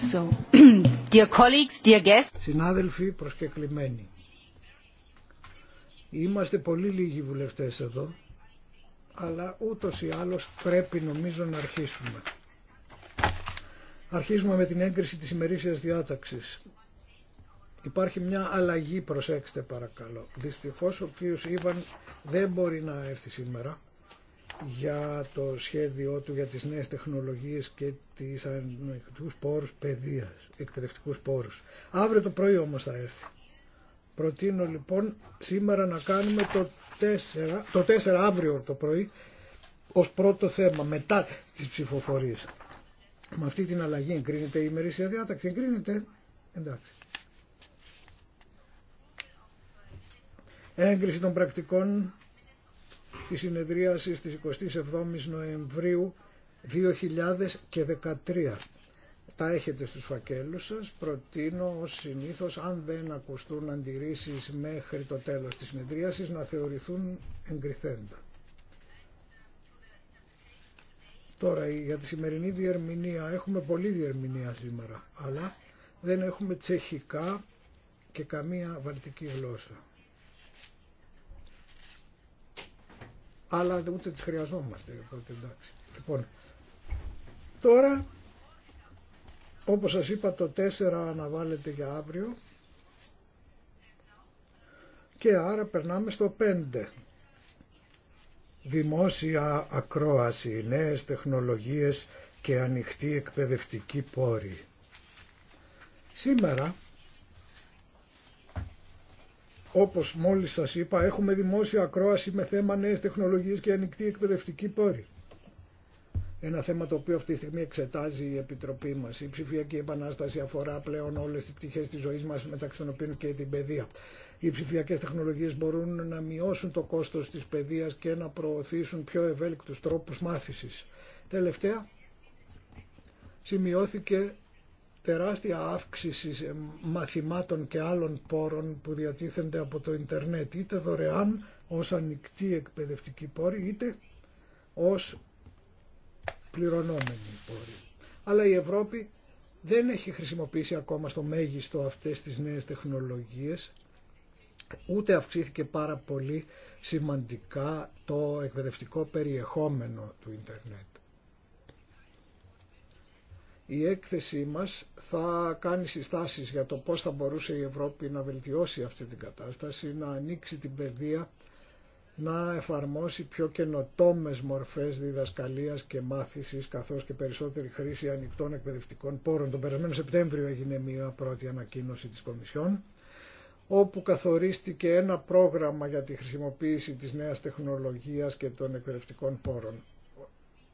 So, dear colleagues, dear guests. Συνάδελφοι προσκεκλημένοι, είμαστε πολύ λίγοι βουλευτές εδώ, αλλά ούτως ή άλλως πρέπει νομίζω να αρχίσουμε. Αρχίζουμε με την έγκριση της ημερήσιας διάταξης. Υπάρχει μια αλλαγή, προσέξτε παρακαλώ. Δυστυχώς ο κύριος Ήβαν δεν μπορεί να έρθει σήμερα για το σχέδιό του για τις νέες τεχνολογίες και τις ανοιχτούς πόρους παιδείας, εκπαιδευτικούς πόρους. Αύριο το πρωί όμως θα έρθει. Προτείνω λοιπόν σήμερα να κάνουμε το 4, το 4 αύριο το πρωί ως πρώτο θέμα μετά τις ψηφοφορίες. Με αυτή την αλλαγή εγκρίνεται η ημερήσια διάταξη. Εγκρίνεται. Εντάξει. Έγκριση των πρακτικών τη συνεδρίαση της 27ης Νοεμβρίου 2013. Τα έχετε στους φακέλους σας. Προτείνω συνήθως αν δεν ακουστούν αντιρρήσεις μέχρι το τέλος της συνεδρίασης να θεωρηθούν εγκριθέντα. Τώρα για τη σημερινή διερμηνία έχουμε πολλή διερμηνία σήμερα αλλά δεν έχουμε τσεχικά και καμία βαλτική γλώσσα. αλλά ούτε τις χρειαζόμαστε. Οπότε, εντάξει. Λοιπόν, τώρα, όπως σας είπα, το 4 αναβάλλεται για αύριο και άρα περνάμε στο 5. Δημόσια ακρόαση, νέες τεχνολογίες και ανοιχτή εκπαιδευτική πόρη. Σήμερα όπως μόλις σας είπα, έχουμε δημόσια ακρόαση με θέμα νέες τεχνολογίες και ανοιχτή εκπαιδευτική πόρη. Ένα θέμα το οποίο αυτή τη στιγμή εξετάζει η Επιτροπή μας. Η ψηφιακή επανάσταση αφορά πλέον όλες τις πτυχές της ζωής μας, μεταξύ των οποίων και την παιδεία. Οι ψηφιακές τεχνολογίες μπορούν να μειώσουν το κόστος της παιδείας και να προωθήσουν πιο ευέλικτους τρόπους μάθησης. Τελευταία, σημειώθηκε τεράστια αύξηση μαθημάτων και άλλων πόρων που διατίθενται από το Ιντερνετ είτε δωρεάν ως ανοιχτή εκπαιδευτική πόρη είτε ως πληρωνόμενη πόρη. Αλλά η Ευρώπη δεν έχει χρησιμοποιήσει ακόμα στο μέγιστο αυτές τις νέες τεχνολογίες ούτε αυξήθηκε πάρα πολύ σημαντικά το εκπαιδευτικό περιεχόμενο του ίντερνετ. Η έκθεσή μας θα κάνει συστάσεις για το πώς θα μπορούσε η Ευρώπη να βελτιώσει αυτή την κατάσταση, να ανοίξει την παιδεία, να εφαρμόσει πιο καινοτόμες μορφές διδασκαλίας και μάθησης, καθώς και περισσότερη χρήση ανοιχτών εκπαιδευτικών πόρων. Τον περασμένο Σεπτέμβριο έγινε μια πρώτη ανακοίνωση της Κομισιόν, όπου καθορίστηκε ένα πρόγραμμα για τη χρησιμοποίηση της νέας τεχνολογίας και των εκπαιδευτικών πόρων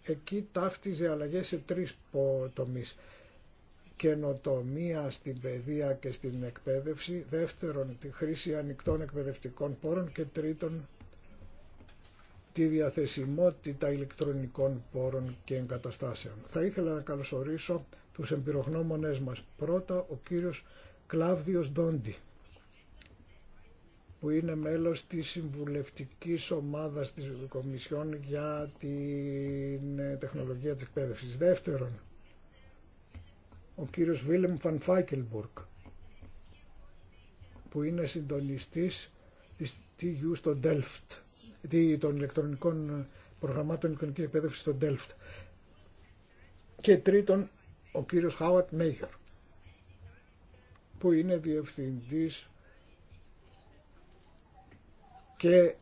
εκεί ταύτιζε αλλαγές σε τρεις τομείς. Καινοτομία στην παιδεία και στην εκπαίδευση, δεύτερον τη χρήση ανοιχτών εκπαιδευτικών πόρων και τρίτον τη διαθεσιμότητα ηλεκτρονικών πόρων και εγκαταστάσεων. Θα ήθελα να καλωσορίσω τους εμπειρογνώμονές μας. Πρώτα ο κύριος Κλάβδιος Ντόντι που είναι μέλος της συμβουλευτικής ομάδας της Κομισιόν για την ε, τεχνολογία της εκπαίδευσης. Δεύτερον, ο κύριος Βίλεμ Φαν Φάκελμπουργκ, που είναι συντονιστής της TU στο Delft, των ηλεκτρονικών προγραμμάτων ηλεκτρονικής εκπαίδευσης στο Delft. Και τρίτον, ο κύριος Χάουαρτ Μέγερ, που είναι διευθυντής και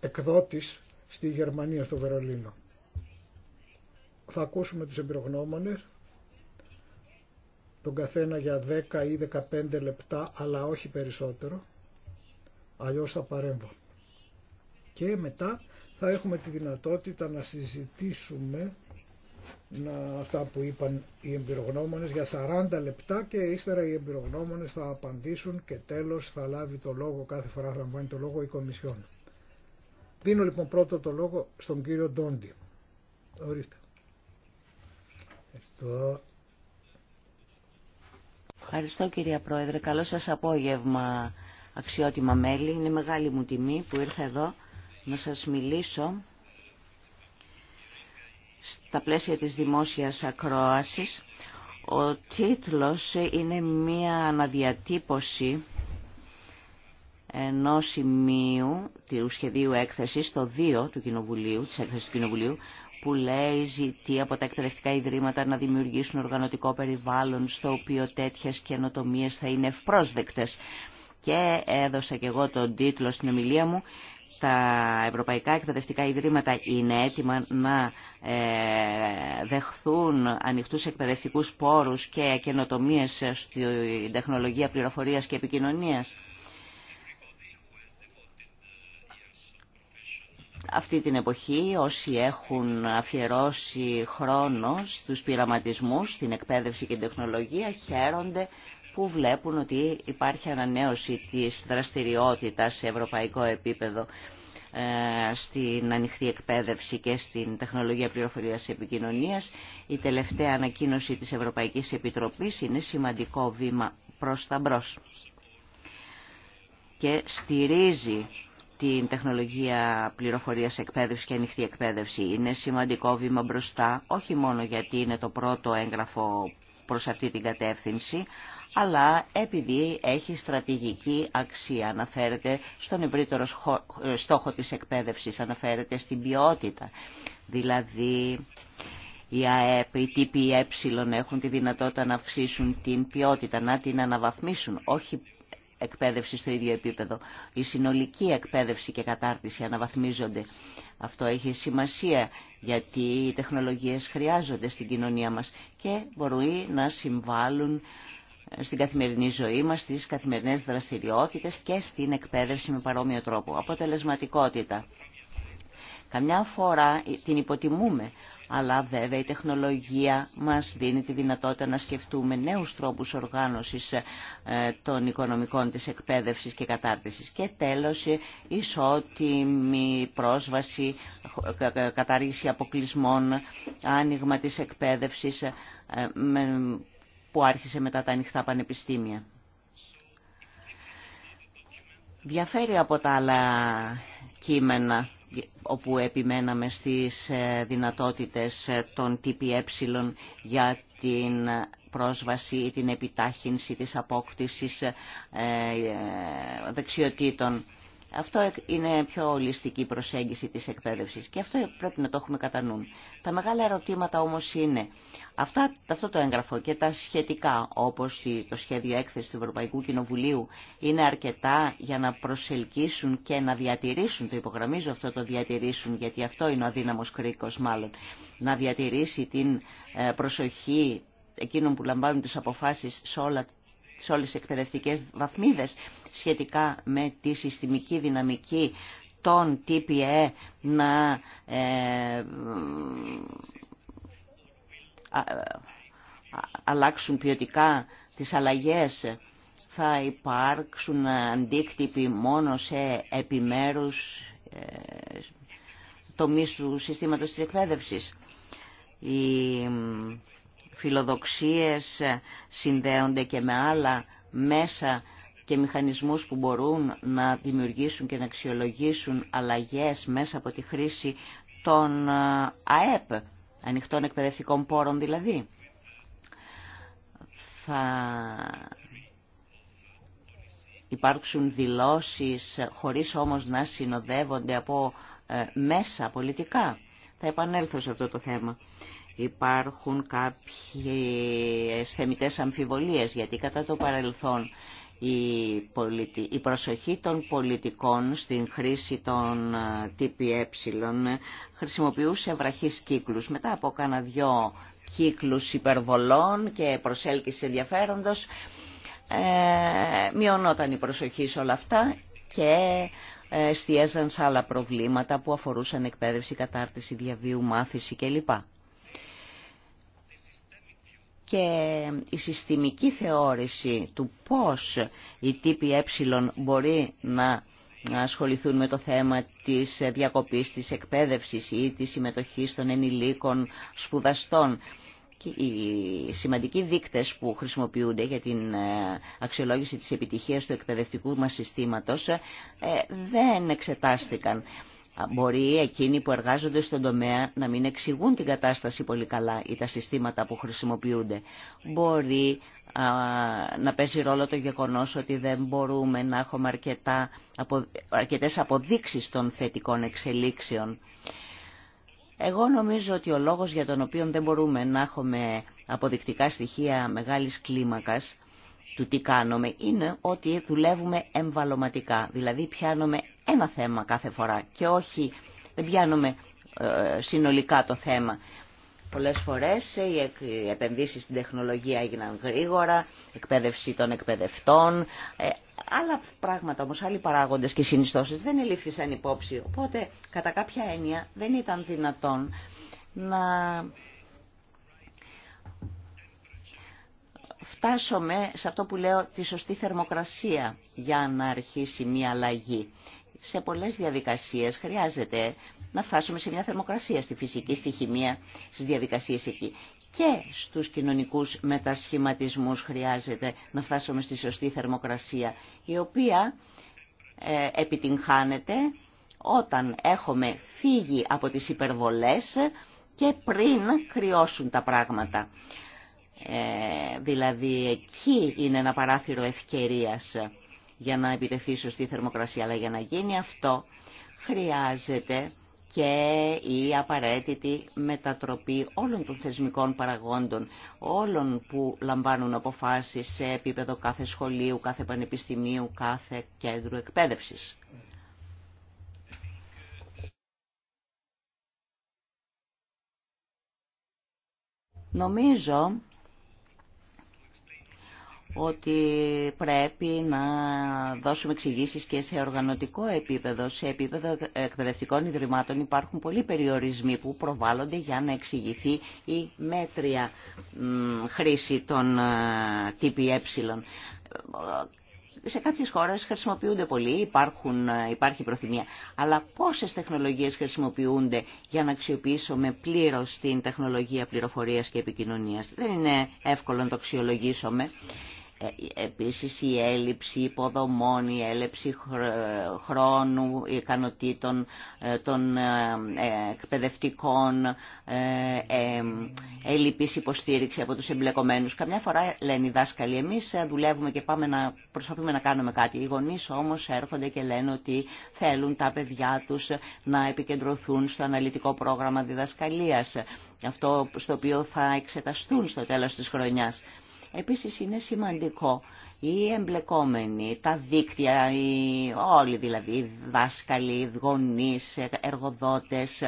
εκδότης στη Γερμανία, στο Βερολίνο. Θα ακούσουμε τους εμπειρογνώμονες, τον καθένα για 10 ή 15 λεπτά, αλλά όχι περισσότερο, αλλιώς θα παρέμβω. Και μετά θα έχουμε τη δυνατότητα να συζητήσουμε να, αυτά που είπαν οι εμπειρογνώμονες για 40 λεπτά και ύστερα οι εμπειρογνώμονες θα απαντήσουν και τέλος θα λάβει το λόγο κάθε φορά θα το λόγο η Κομισιόν. Δίνω λοιπόν πρώτο το λόγο στον κύριο Ντόντι. Ορίστε. Ευχαριστώ. Ευχαριστώ κυρία Πρόεδρε. Καλό σας απόγευμα αξιότιμα μέλη. Είναι μεγάλη μου τιμή που ήρθα εδώ να σας μιλήσω στα πλαίσια της δημόσιας ακρόασης. Ο τίτλος είναι μία αναδιατύπωση ενό σημείου του σχεδίου έκθεσης, το 2 του Κοινοβουλίου, της έκθεσης του Κοινοβουλίου, που λέει ζητεί από τα εκπαιδευτικά ιδρύματα να δημιουργήσουν οργανωτικό περιβάλλον στο οποίο τέτοιες καινοτομίε θα είναι ευπρόσδεκτες. Και έδωσα και εγώ τον τίτλο στην ομιλία μου τα ευρωπαϊκά εκπαιδευτικά ιδρύματα είναι έτοιμα να ε, δεχθούν ανοιχτούς εκπαιδευτικούς πόρους και καινοτομίες στην τεχνολογία πληροφορίας και επικοινωνίας. Αυτή την εποχή όσοι έχουν αφιερώσει χρόνο στους πειραματισμούς, στην εκπαίδευση και την τεχνολογία χαίρονται που βλέπουν ότι υπάρχει ανανέωση της δραστηριότητας σε ευρωπαϊκό επίπεδο ε, στην ανοιχτή εκπαίδευση και στην τεχνολογία πληροφορίας επικοινωνίας. Η τελευταία ανακοίνωση της Ευρωπαϊκής Επιτροπής είναι σημαντικό βήμα προς τα μπρος και στηρίζει την τεχνολογία πληροφορίας εκπαίδευση και ανοιχτή εκπαίδευση. Είναι σημαντικό βήμα μπροστά, όχι μόνο γιατί είναι το πρώτο έγγραφο προς αυτή την κατεύθυνση, αλλά επειδή έχει στρατηγική αξία, αναφέρεται στον ευρύτερο στόχο της εκπαίδευσης, αναφέρεται στην ποιότητα. Δηλαδή, η ΑΕΠ, οι τύποι έχουν τη δυνατότητα να αυξήσουν την ποιότητα, να την αναβαθμίσουν, όχι εκπαίδευση στο ίδιο επίπεδο. Η συνολική εκπαίδευση και κατάρτιση αναβαθμίζονται. Αυτό έχει σημασία γιατί οι τεχνολογίες χρειάζονται στην κοινωνία μας και μπορούν να συμβάλλουν ε, στην καθημερινή ζωή μας, στις καθημερινές δραστηριότητες και στην εκπαίδευση με παρόμοιο τρόπο. Αποτελεσματικότητα. Καμιά φορά ε, την υποτιμούμε, αλλά βέβαια η τεχνολογία μας δίνει τη δυνατότητα να σκεφτούμε νέους τρόπους οργάνωσης ε, των οικονομικών της εκπαίδευσης και κατάρτισης. Και τέλος, ε, ισότιμη πρόσβαση, κατάργηση αποκλεισμών, άνοιγμα της εκπαίδευσης που άρχισε μετά τα ανοιχτά πανεπιστήμια. Διαφέρει από τα άλλα κείμενα όπου επιμέναμε στις ε, δυνατότητες ε, των ΤΠΕ για την πρόσβαση ή την επιτάχυνση της απόκτησης ε, δεξιοτήτων αυτό είναι πιο ολιστική προσέγγιση της εκπαίδευσης και αυτό πρέπει να το έχουμε κατά νου. Τα μεγάλα ερωτήματα όμως είναι αυτά, αυτό το έγγραφο και τα σχετικά όπως το σχέδιο έκθεση του Ευρωπαϊκού Κοινοβουλίου είναι αρκετά για να προσελκύσουν και να διατηρήσουν, το υπογραμμίζω αυτό το διατηρήσουν γιατί αυτό είναι ο αδύναμος κρίκος μάλλον, να διατηρήσει την ε, προσοχή εκείνων που λαμβάνουν τις αποφάσεις σε όλα σε όλες τις εκπαιδευτικές βαθμίδες σχετικά με τη συστημική δυναμική των TPE να ε, αλλάξουν ποιοτικά τις αλλαγές θα υπάρξουν αντίκτυποι μόνο σε επιμέρους ε, τομείς του συστήματος της εκπαίδευσης. Η φιλοδοξίες ε, συνδέονται και με άλλα μέσα και μηχανισμούς που μπορούν να δημιουργήσουν και να αξιολογήσουν αλλαγές μέσα από τη χρήση των ε, ΑΕΠ, ανοιχτών εκπαιδευτικών πόρων δηλαδή. Θα υπάρξουν δηλώσεις χωρίς όμως να συνοδεύονται από ε, μέσα πολιτικά. Θα επανέλθω σε αυτό το θέμα. Υπάρχουν κάποιες θεμητές αμφιβολίες γιατί κατά το παρελθόν η προσοχή των πολιτικών στην χρήση των ε, ΤΠΕ χρησιμοποιούσε βραχείς κύκλους. Μετά από κάνα δυο κύκλους υπερβολών και προσέλκυση ενδιαφέροντος ε, μειωνόταν η προσοχή σε όλα αυτά και εστίαζαν σε άλλα προβλήματα που αφορούσαν εκπαίδευση, κατάρτιση, διαβίου, μάθηση κλπ και η συστημική θεώρηση του πώς οι τύποι ε μπορεί να ασχοληθούν με το θέμα της διακοπής της εκπαίδευσης ή της συμμετοχής των ενηλίκων σπουδαστών. Και οι σημαντικοί δείκτες που χρησιμοποιούνται για την ε, αξιολόγηση της επιτυχίας του εκπαιδευτικού μας συστήματος ε, δεν εξετάστηκαν. Μπορεί εκείνοι που εργάζονται στον τομέα να μην εξηγούν την κατάσταση πολύ καλά ή τα συστήματα που χρησιμοποιούνται. Μπορεί να παίζει ρόλο το γεγονός ότι δεν μπορούμε να έχουμε αρκετά, απο, αρκετές αποδείξεις των θετικών εξελίξεων. Εγώ νομίζω ότι ο λόγος για τον οποίο δεν μπορούμε να έχουμε αποδεικτικά στοιχεία μεγάλης κλίμακας του τι κάνουμε είναι ότι δουλεύουμε εμβαλωματικά. Δηλαδή πιάνουμε ένα θέμα κάθε φορά και όχι δεν πιάνουμε ε, συνολικά το θέμα. Πολλές φορές ε, οι επενδύσεις στην τεχνολογία έγιναν γρήγορα, εκπαίδευση των εκπαιδευτών, ε, άλλα πράγματα όμως, άλλοι παράγοντες και συνιστώσεις δεν ελήφθησαν υπόψη. Οπότε κατά κάποια έννοια δεν ήταν δυνατόν να φτάσουμε σε αυτό που λέω τη σωστή θερμοκρασία για να αρχίσει μια αλλαγή. Σε πολλές διαδικασίες χρειάζεται να φτάσουμε σε μια θερμοκρασία στη φυσική, στη χημεία, στις διαδικασίες εκεί. Και στους κοινωνικούς μετασχηματισμούς χρειάζεται να φτάσουμε στη σωστή θερμοκρασία, η οποία ε, επιτυγχάνεται όταν έχουμε φύγει από τις υπερβολές και πριν κρυώσουν τα πράγματα. Ε, δηλαδή εκεί είναι ένα παράθυρο ευκαιρίας για να επιτεθεί σωστή θερμοκρασία. Αλλά για να γίνει αυτό χρειάζεται και η απαραίτητη μετατροπή όλων των θεσμικών παραγόντων, όλων που λαμβάνουν αποφάσεις σε επίπεδο κάθε σχολείου, κάθε πανεπιστημίου, κάθε κέντρου εκπαίδευσης. Νομίζω ότι πρέπει να δώσουμε εξηγήσει και σε οργανωτικό επίπεδο. Σε επίπεδο εκπαιδευτικών ιδρυμάτων υπάρχουν πολλοί περιορισμοί που προβάλλονται για να εξηγηθεί η μέτρια χρήση των ε, ΤΠΕ. Σε κάποιες χώρες χρησιμοποιούνται πολύ, υπάρχουν, ε, υπάρχει προθυμία. Αλλά πόσες τεχνολογίες χρησιμοποιούνται για να αξιοποιήσουμε πλήρως την τεχνολογία πληροφορίας και επικοινωνίας. Δεν είναι εύκολο να το αξιολογήσουμε. Ε, ε, επίσης η έλλειψη υποδομών, η έλλειψη χρόνου, η ικανοτήτων ε, των εκπαιδευτικών, έλλειψη υποστήριξη από τους εμπλεκομένους. Καμιά φορά λένε οι δάσκαλοι, εμείς δουλεύουμε και πάμε να προσπαθούμε να κάνουμε κάτι. Οι γονείς όμως έρχονται και λένε ότι θέλουν τα παιδιά τους να επικεντρωθούν στο αναλυτικό πρόγραμμα διδασκαλίας, αυτό στο οποίο θα εξεταστούν στο τέλος της χρονιάς. Επίσης είναι σημαντικό οι εμπλεκόμενοι, τα δίκτυα, οι, όλοι δηλαδή, οι δάσκαλοι, οι γονείς, εργοδότες,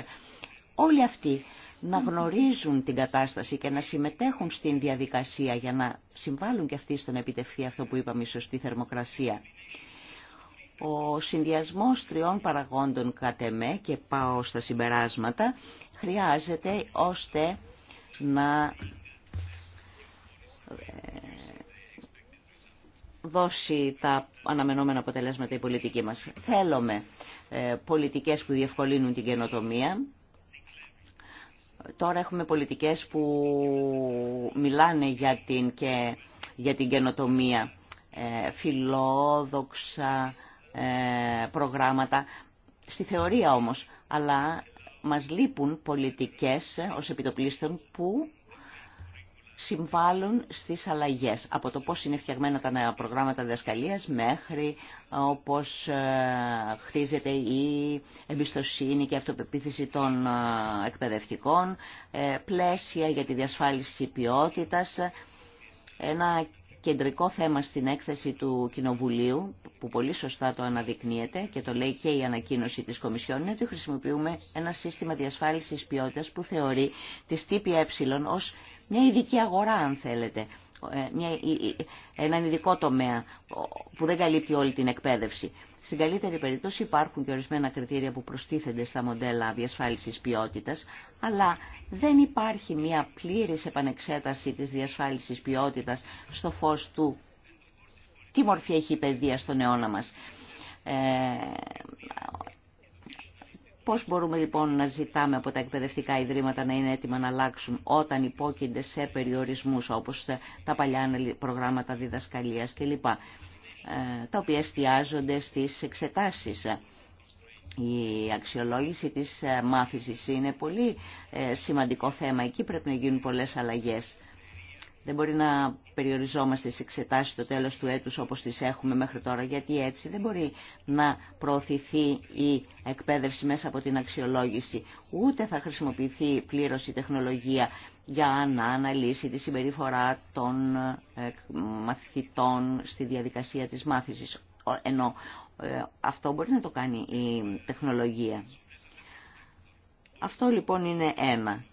όλοι αυτοί να γνωρίζουν την κατάσταση και να συμμετέχουν στην διαδικασία για να συμβάλλουν και αυτοί στον επιτευχθεί αυτό που είπαμε η σωστή θερμοκρασία. Ο συνδυασμός τριών παραγόντων κατ' εμέ και πάω στα συμπεράσματα χρειάζεται ώστε να ε, δώσει τα αναμενόμενα αποτελέσματα η πολιτική μας. Θέλουμε ε, πολιτικές που διευκολύνουν την καινοτομία. Τώρα έχουμε πολιτικές που μιλάνε για την, και, για την καινοτομία. Ε, φιλόδοξα προγράμματα. Στη θεωρία όμως. Αλλά μας λείπουν πολιτικές ως επιτοπλίστων που συμβάλλουν στις αλλαγές, από το πώς είναι φτιαγμένα τα νέα προγράμματα διδασκαλίας μέχρι ε, όπως ε, χτίζεται η εμπιστοσύνη και αυτοπεποίθηση των ε, εκπαιδευτικών, πλαίσια για τη διασφάλιση ποιότητας, ένα κεντρικό θέμα στην έκθεση του Κοινοβουλίου, που πολύ σωστά το αναδεικνύεται και το λέει και η ανακοίνωση της Κομισιόν, είναι ότι χρησιμοποιούμε ένα σύστημα διασφάλισης ποιότητας που θεωρεί τις ΤΠΕ ως μια ειδική αγορά αν θέλετε, ε, μια, ε, ε, έναν ειδικό τομέα που δεν καλύπτει όλη την εκπαίδευση. Στην καλύτερη περίπτωση υπάρχουν και ορισμένα κριτήρια που προστίθενται στα μοντέλα διασφάλισης ποιότητας, αλλά δεν υπάρχει μια πλήρης επανεξέταση της διασφάλισης ποιότητας στο φως του τι μορφή έχει η παιδεία στον αιώνα μας. Πώς μπορούμε λοιπόν να ζητάμε από τα εκπαιδευτικά ιδρύματα να είναι έτοιμα να αλλάξουν όταν υπόκεινται σε περιορισμούς όπως τα παλιά προγράμματα διδασκαλίας κλπ. Ε, τα οποία εστιάζονται στις εξετάσεις. Η αξιολόγηση της μάθησης είναι πολύ ε, σημαντικό θέμα. Εκεί πρέπει να γίνουν πολλές αλλαγές. Δεν μπορεί να περιοριζόμαστε σε εξετάσεις στο τέλος του έτους όπως τις έχουμε μέχρι τώρα, γιατί έτσι δεν μπορεί να προωθηθεί η εκπαίδευση μέσα από την αξιολόγηση. Ούτε θα χρησιμοποιηθεί πλήρως η τεχνολογία για να αναλύσει τη συμπεριφορά των ε, μαθητών στη διαδικασία της μάθησης. Ενώ ε, αυτό μπορεί να το κάνει η τεχνολογία. Αυτό λοιπόν είναι ένα.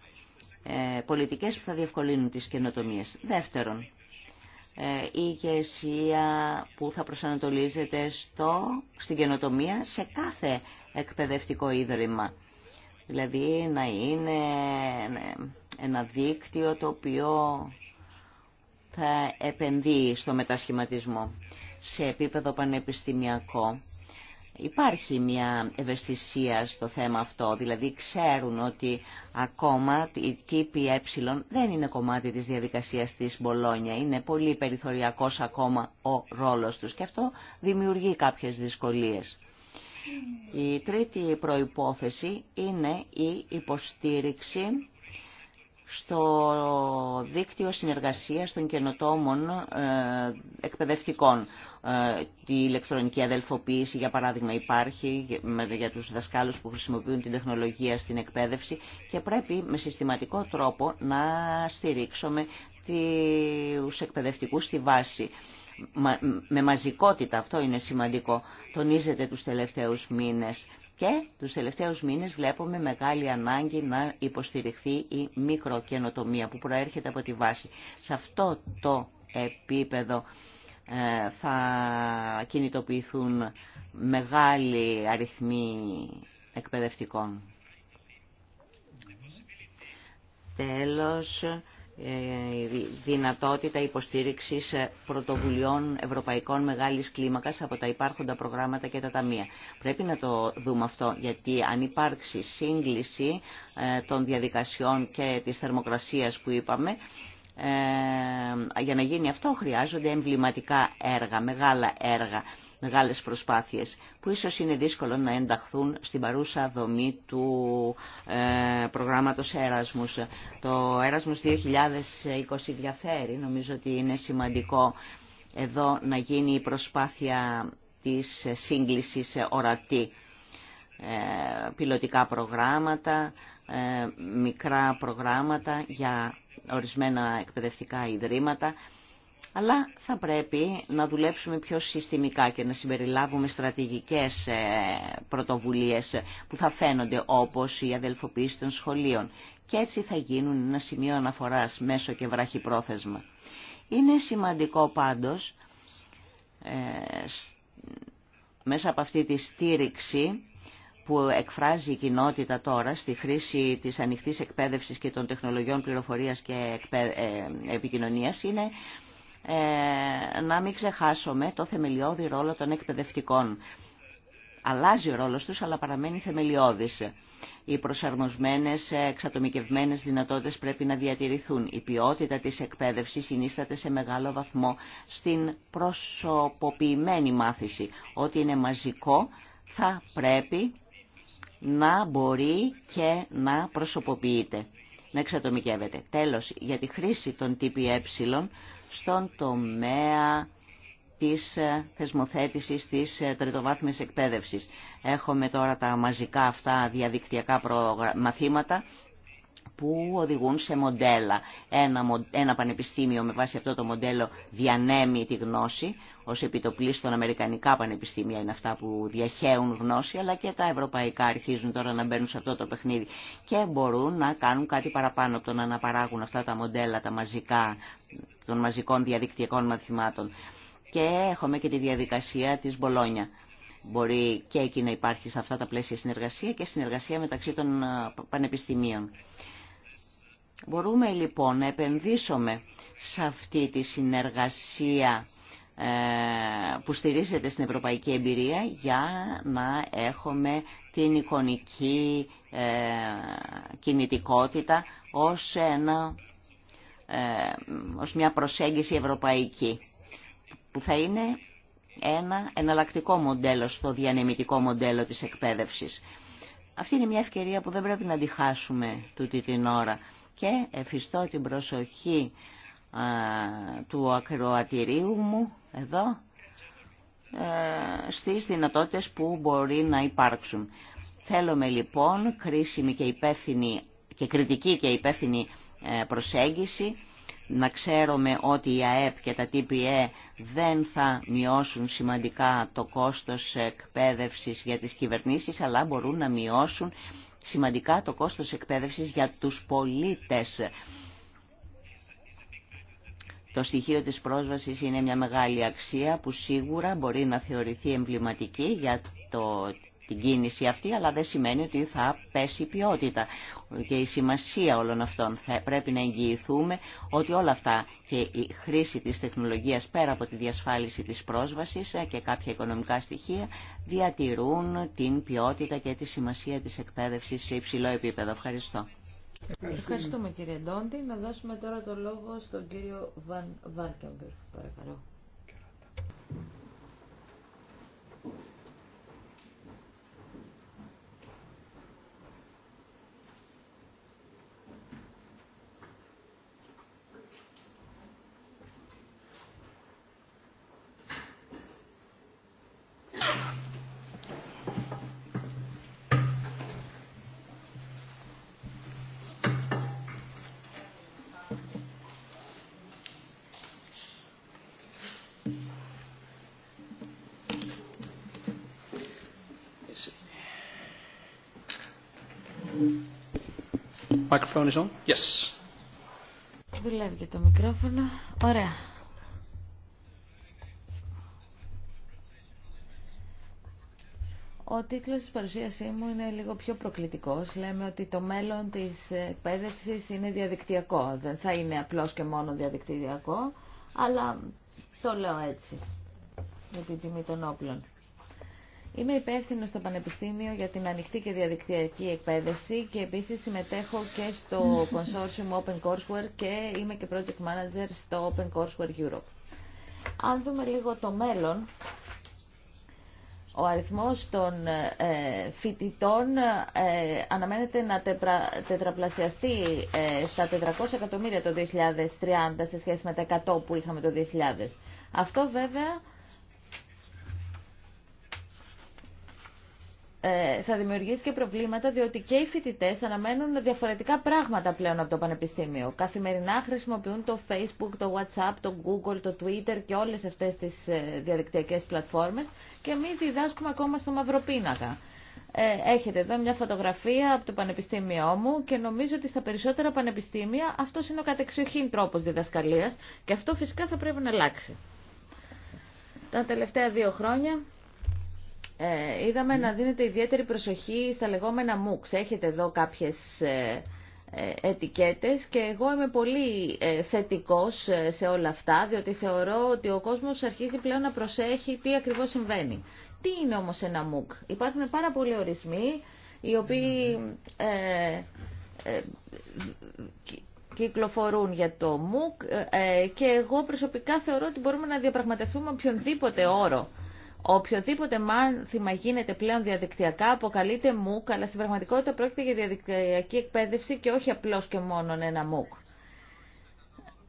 Ε, πολιτικές που θα διευκολύνουν τις καινοτομίες. Δεύτερον, ε, η ηγεσία που θα προσανατολίζεται στο, στην καινοτομία σε κάθε εκπαιδευτικό ίδρυμα. Δηλαδή να είναι ε, ένα δίκτυο το οποίο θα επενδύει στο μετασχηματισμό σε επίπεδο πανεπιστημιακό Υπάρχει μια ευαισθησία στο θέμα αυτό, δηλαδή ξέρουν ότι ακόμα η τύπη δεν είναι κομμάτι της διαδικασίας της Μπολόνια, είναι πολύ περιθωριακός ακόμα ο ρόλος τους και αυτό δημιουργεί κάποιες δυσκολίες. Η τρίτη προϋπόθεση είναι η υποστήριξη στο δίκτυο συνεργασίας των καινοτόμων ε, εκπαιδευτικών. Ε, τη ηλεκτρονική αδελφοποίηση, για παράδειγμα, υπάρχει για τους δασκάλους που χρησιμοποιούν την τεχνολογία στην εκπαίδευση και πρέπει με συστηματικό τρόπο να στηρίξουμε τους εκπαιδευτικούς στη βάση. Με μαζικότητα αυτό είναι σημαντικό. Τονίζεται τους τελευταίους μήνες. Και τους τελευταίους μήνες βλέπουμε μεγάλη ανάγκη να υποστηριχθεί η μικροκαινοτομία που προέρχεται από τη βάση. Σε αυτό το επίπεδο θα κινητοποιηθούν μεγάλοι αριθμοί εκπαιδευτικών. Τέλος, ε, η δυνατότητα υποστήριξης πρωτοβουλειών ευρωπαϊκών μεγάλης κλίμακας από τα υπάρχοντα προγράμματα και τα ταμεία. Πρέπει να το δούμε αυτό, γιατί αν υπάρξει σύγκληση ε, των διαδικασιών και της θερμοκρασίας που είπαμε, ε, για να γίνει αυτό χρειάζονται εμβληματικά έργα, μεγάλα έργα, μεγάλες προσπάθειες που ίσως είναι δύσκολο να ενταχθούν στην παρούσα δομή του ε, προγράμματος Έρασμους. Το έρασμος 2020 διαφέρει, νομίζω ότι είναι σημαντικό εδώ να γίνει η προσπάθεια της σύγκλησης ορατή. Ε, πιλωτικά προγράμματα, ε, μικρά προγράμματα για ορισμένα εκπαιδευτικά ιδρύματα, αλλά θα πρέπει να δουλέψουμε πιο συστημικά και να συμπεριλάβουμε στρατηγικές ε, πρωτοβουλίες που θα φαίνονται όπως η αδελφοποίηση των σχολείων και έτσι θα γίνουν ένα σημείο αναφοράς μέσω και βράχη πρόθεσμα. Είναι σημαντικό πάντως ε, μέσα από αυτή τη στήριξη που εκφράζει η κοινότητα τώρα στη χρήση της ανοιχτής εκπαίδευσης και των τεχνολογιών πληροφορίας και ε, επικοινωνίας είναι ε, να μην ξεχάσουμε το θεμελιώδη ρόλο των εκπαιδευτικών. Αλλάζει ο ρόλος τους, αλλά παραμένει θεμελιώδης. Οι προσαρμοσμένες, ε, εξατομικευμένες δυνατότητες πρέπει να διατηρηθούν. Η ποιότητα της εκπαίδευσης συνίσταται σε μεγάλο βαθμό στην προσωποποιημένη μάθηση. Ό,τι είναι μαζικό θα πρέπει να μπορεί και να προσωποποιείται, να εξατομικεύεται. Τέλος, για τη χρήση των ΤΠΕ στον τομέα της ε, θεσμοθέτησης της ε, τριτοβάθμιας εκπαίδευσης. Έχουμε τώρα τα μαζικά αυτά διαδικτυακά μαθήματα που οδηγούν σε μοντέλα. Ένα, ένα πανεπιστήμιο με βάση αυτό το μοντέλο διανέμει τη γνώση, ως των αμερικανικά πανεπιστήμια είναι αυτά που διαχέουν γνώση, αλλά και τα ευρωπαϊκά αρχίζουν τώρα να μπαίνουν σε αυτό το παιχνίδι και μπορούν να κάνουν κάτι παραπάνω από το να αναπαράγουν αυτά τα μοντέλα τα μαζικά, των μαζικών διαδικτυακών μαθημάτων. Και έχουμε και τη διαδικασία της Μπολόνια. Μπορεί και εκεί να υπάρχει σε αυτά τα πλαίσια συνεργασία και συνεργασία μεταξύ των πανεπιστημίων. Μπορούμε λοιπόν να επενδύσουμε σε αυτή τη συνεργασία ε, που στηρίζεται στην ευρωπαϊκή εμπειρία για να έχουμε την εικονική ε, κινητικότητα ως, ένα, ε, ως μια προσέγγιση ευρωπαϊκή που θα είναι ένα εναλλακτικό μοντέλο στο διανεμητικό μοντέλο της εκπαίδευσης. Αυτή είναι μια ευκαιρία που δεν πρέπει να τη χάσουμε τούτη την ώρα και εφιστώ την προσοχή του ακροατηρίου μου εδώ ε, στις δυνατότητες που μπορεί να υπάρξουν. Θέλουμε λοιπόν κρίσιμη και υπεύθυνη και κριτική και υπεύθυνη ε, προσέγγιση να ξέρουμε ότι η ΑΕΠ και τα ΤΠΕ e δεν θα μειώσουν σημαντικά το κόστος εκπαίδευσης για τις κυβερνήσεις, αλλά μπορούν να μειώσουν σημαντικά το κόστος εκπαίδευσης για τους πολίτες. Το στοιχείο της πρόσβασης είναι μια μεγάλη αξία που σίγουρα μπορεί να θεωρηθεί εμβληματική για το, την κίνηση αυτή, αλλά δεν σημαίνει ότι θα πέσει η ποιότητα και η σημασία όλων αυτών. Θα πρέπει να εγγυηθούμε ότι όλα αυτά και η χρήση της τεχνολογίας πέρα από τη διασφάλιση της πρόσβασης ε, και κάποια οικονομικά στοιχεία διατηρούν την ποιότητα και τη σημασία της εκπαίδευσης σε υψηλό επίπεδο. Ευχαριστώ. Ευχαριστούμε κύριε Ντόντι. Να δώσουμε τώρα το λόγο στον κύριο Βαν Βάλκεμπερ, παρακαλώ. το μικρόφωνο. Ωραία. Ο τίτλος της παρουσίασή μου είναι λίγο πιο προκλητικός. Λέμε ότι το μέλλον της εκπαίδευση είναι διαδικτυακό. Δεν θα είναι απλώς και μόνο διαδικτυακό, αλλά το λέω έτσι, με την τιμή των όπλων. Είμαι υπεύθυνο στο Πανεπιστήμιο για την ανοιχτή και διαδικτυακή εκπαίδευση και επίσης συμμετέχω και στο Consortium Open Courseware και είμαι και Project Manager στο Open Courseware Europe. Αν δούμε λίγο το μέλλον, ο αριθμός των ε, φοιτητών ε, αναμένεται να τετραπλασιαστεί ε, στα 400 εκατομμύρια το 2030 σε σχέση με τα 100 που είχαμε το 2000. Αυτό βέβαια Ε, θα δημιουργήσει και προβλήματα διότι και οι φοιτητέ αναμένουν διαφορετικά πράγματα πλέον από το Πανεπιστήμιο. Καθημερινά χρησιμοποιούν το Facebook, το WhatsApp, το Google, το Twitter και όλες αυτές τις ε, διαδικτυακές πλατφόρμες και εμεί διδάσκουμε ακόμα στο μαυροπίνακα. Ε, έχετε εδώ μια φωτογραφία από το πανεπιστήμιό μου και νομίζω ότι στα περισσότερα πανεπιστήμια αυτό είναι ο κατεξοχήν τρόπο διδασκαλία και αυτό φυσικά θα πρέπει να αλλάξει. Τα τελευταία δύο χρόνια ε, είδαμε να δίνετε ιδιαίτερη προσοχή στα λεγόμενα MOOCs. Έχετε εδώ κάποιες ε, ε, ετικέτες και εγώ είμαι πολύ θετικός σε όλα αυτά, διότι θεωρώ ότι ο κόσμος αρχίζει πλέον να προσέχει τι ακριβώς συμβαίνει. Τι είναι όμως ένα MOOC. Υπάρχουν πάρα πολλοί ορισμοί, οι οποίοι ε, ε, κυκλοφορούν για το MOOC και εγώ προσωπικά θεωρώ ότι μπορούμε να διαπραγματευτούμε οποιονδήποτε όρο Οποιοδήποτε μάθημα γίνεται πλέον διαδικτυακά αποκαλείται MOOC, αλλά στην πραγματικότητα πρόκειται για διαδικτυακή εκπαίδευση και όχι απλώς και μόνο ένα MOOC.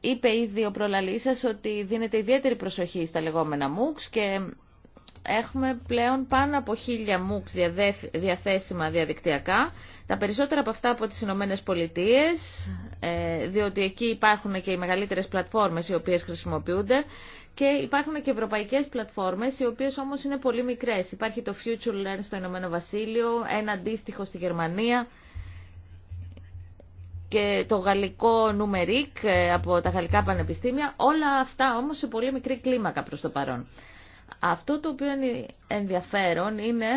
Είπε ήδη ο προλαλής σας ότι δίνεται ιδιαίτερη προσοχή στα λεγόμενα MOOCs και έχουμε πλέον πάνω από χίλια MOOCs διαθέσιμα διαδικτυακά, τα περισσότερα από αυτά από τις Ηνωμένε Πολιτείε, ε, διότι εκεί υπάρχουν και οι μεγαλύτερες πλατφόρμες οι οποίες χρησιμοποιούνται και υπάρχουν και ευρωπαϊκέ πλατφόρμες, οι οποίε όμω είναι πολύ μικρέ. Υπάρχει το Future Learn στο Ηνωμένο Βασίλειο, ένα αντίστοιχο στη Γερμανία και το γαλλικό Νούμερικ από τα γαλλικά πανεπιστήμια. Όλα αυτά όμω σε πολύ μικρή κλίμακα προ το παρόν. Αυτό το οποίο είναι ενδιαφέρον είναι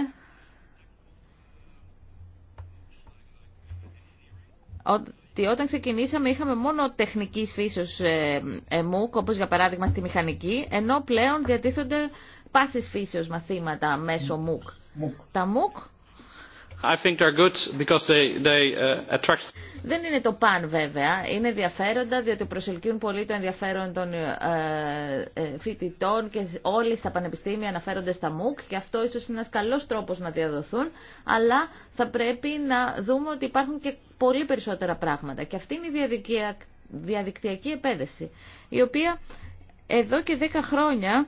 ότι όταν ξεκινήσαμε είχαμε μόνο τεχνικής φύσεως MOOC ε, όπω για παράδειγμα στη μηχανική, ενώ πλέον διατίθονται πάσης φύσεως μαθήματα μέσω MOOC. Τα MOOC Uh, Δεν είναι το παν βέβαια. Είναι ενδιαφέροντα διότι προσελκύουν πολύ το ενδιαφέρον των ε, ε, φοιτητών και όλοι στα πανεπιστήμια αναφέρονται στα MOOC και αυτό ίσως είναι ένας καλός τρόπος να διαδοθούν αλλά θα πρέπει να δούμε ότι υπάρχουν και πολύ περισσότερα πράγματα και αυτή είναι η διαδικτυακή επέδευση η οποία εδώ και 10 χρόνια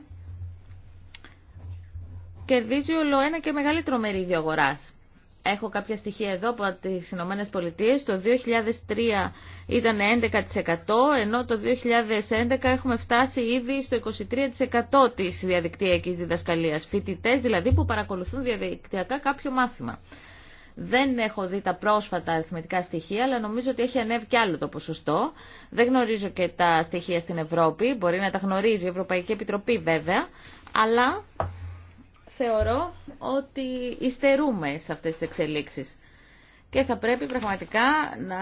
κερδίζει όλο και μεγαλύτερο μερίδιο αγοράς. Έχω κάποια στοιχεία εδώ από τις Ηνωμένε Πολιτείε. Το 2003 ήταν 11%, ενώ το 2011 έχουμε φτάσει ήδη στο 23% της διαδικτυακής διδασκαλίας. Φοιτητέ, δηλαδή που παρακολουθούν διαδικτυακά κάποιο μάθημα. Δεν έχω δει τα πρόσφατα αριθμητικά στοιχεία, αλλά νομίζω ότι έχει ανέβει κι άλλο το ποσοστό. Δεν γνωρίζω και τα στοιχεία στην Ευρώπη, μπορεί να τα γνωρίζει η Ευρωπαϊκή Επιτροπή βέβαια, αλλά θεωρώ ότι υστερούμε σε αυτές τις εξελίξεις. Και θα πρέπει πραγματικά να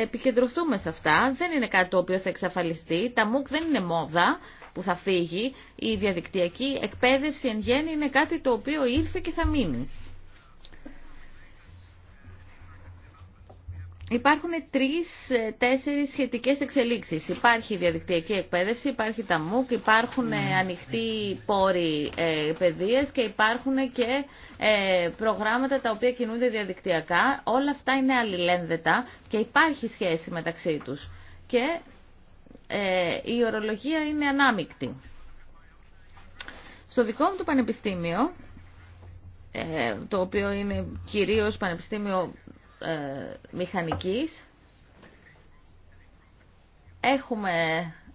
επικεντρωθούμε σε αυτά. Δεν είναι κάτι το οποίο θα εξαφαλιστεί. Τα MOOC δεν είναι μόδα που θα φύγει. Η διαδικτυακή εκπαίδευση εν γέννη είναι κάτι το οποίο ήρθε και θα μείνει. Υπάρχουν τρεις-τέσσερις ε, σχετικές εξελίξεις. Υπάρχει διαδικτυακή εκπαίδευση, υπάρχει τα MOOC, υπάρχουν ε, ναι. ανοιχτοί πόροι ε, παιδείας και υπάρχουν και προγράμματα τα οποία κινούνται διαδικτυακά. Όλα αυτά είναι αλληλένδετα και υπάρχει σχέση μεταξύ τους. Και η ορολογία είναι ανάμεικτη. Στο δικό μου το πανεπιστήμιο, το οποίο είναι κυρίως πανεπιστήμιο ε, μηχανικής έχουμε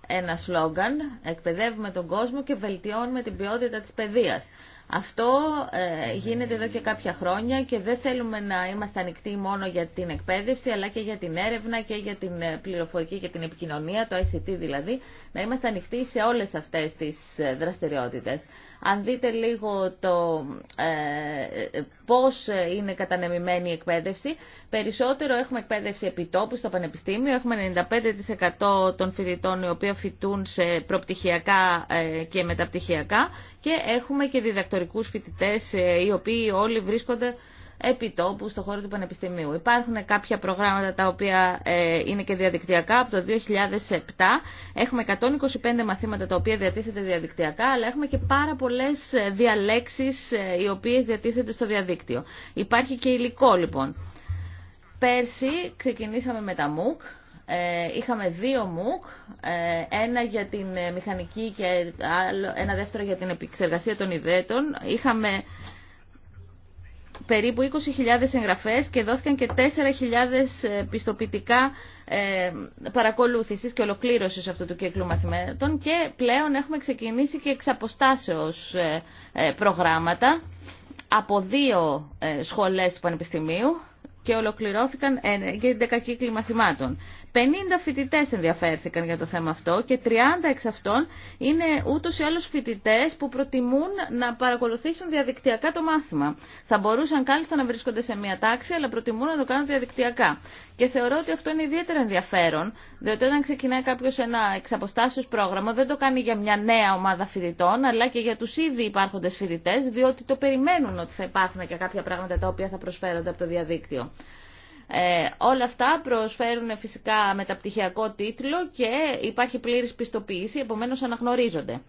ένα σλόγγαν, εκπαιδεύουμε τον κόσμο και βελτιώνουμε την ποιότητα της παιδείας. Αυτό ε, γίνεται εδώ και κάποια χρόνια και δεν θέλουμε να είμαστε ανοιχτοί μόνο για την εκπαίδευση αλλά και για την έρευνα και για την ε, πληροφορική και την επικοινωνία, το ICT δηλαδή, να είμαστε ανοιχτοί σε όλες αυτές τις δραστηριότητες. Αν δείτε λίγο το ε, πώς είναι κατανεμημένη η εκπαίδευση, περισσότερο έχουμε εκπαίδευση επιτόπου στο Πανεπιστήμιο, έχουμε 95% των φοιτητών οι οποίοι φοιτούν σε προπτυχιακά ε, και μεταπτυχιακά και έχουμε και διδακτορικούς φοιτητές ε, οι οποίοι όλοι βρίσκονται επιτόπου στο χώρο του Πανεπιστημίου. Υπάρχουν κάποια προγράμματα τα οποία ε, είναι και διαδικτυακά. Από το 2007 έχουμε 125 μαθήματα τα οποία διατίθεται διαδικτυακά, αλλά έχουμε και πάρα πολλέ ε, διαλέξει ε, οι οποίε διατίθεται στο διαδίκτυο. Υπάρχει και υλικό λοιπόν. Πέρσι ξεκινήσαμε με τα MOOC, είχαμε δύο MOOC, ένα για την μηχανική και ένα δεύτερο για την επεξεργασία των ιδέτων. Είχαμε περίπου 20.000 εγγραφές και δόθηκαν και 4.000 ε, πιστοποιητικά ε, παρακολούθησης και ολοκλήρωσης αυτού του κύκλου μαθηματών και πλέον έχουμε ξεκινήσει και εξ αποστάσεως ε, προγράμματα από δύο σχολές του Πανεπιστημίου και ολοκληρώθηκαν 11 κύκλοι μαθημάτων. 50 φοιτητέ ενδιαφέρθηκαν για το θέμα αυτό και 30 εξ αυτών είναι ούτω ή άλλω φοιτητέ που προτιμούν να παρακολουθήσουν διαδικτυακά το μάθημα. Θα μπορούσαν κάλλιστα να βρίσκονται σε μία τάξη, αλλά προτιμούν να το κάνουν διαδικτυακά. Και θεωρώ ότι αυτό είναι ιδιαίτερα ενδιαφέρον, διότι όταν ξεκινάει κάποιο ένα εξ πρόγραμμα, δεν το κάνει για μια νέα ομάδα φοιτητών, αλλά και για του ήδη υπάρχοντε φοιτητέ, διότι το περιμένουν ότι θα υπάρχουν και κάποια πράγματα τα οποία θα προσφέρονται από το διαδίκτυο. Ε, όλα αυτά προσφέρουν φυσικά μεταπτυχιακό τίτλο και υπάρχει πλήρης πιστοποίηση, επομένως αναγνωρίζονται.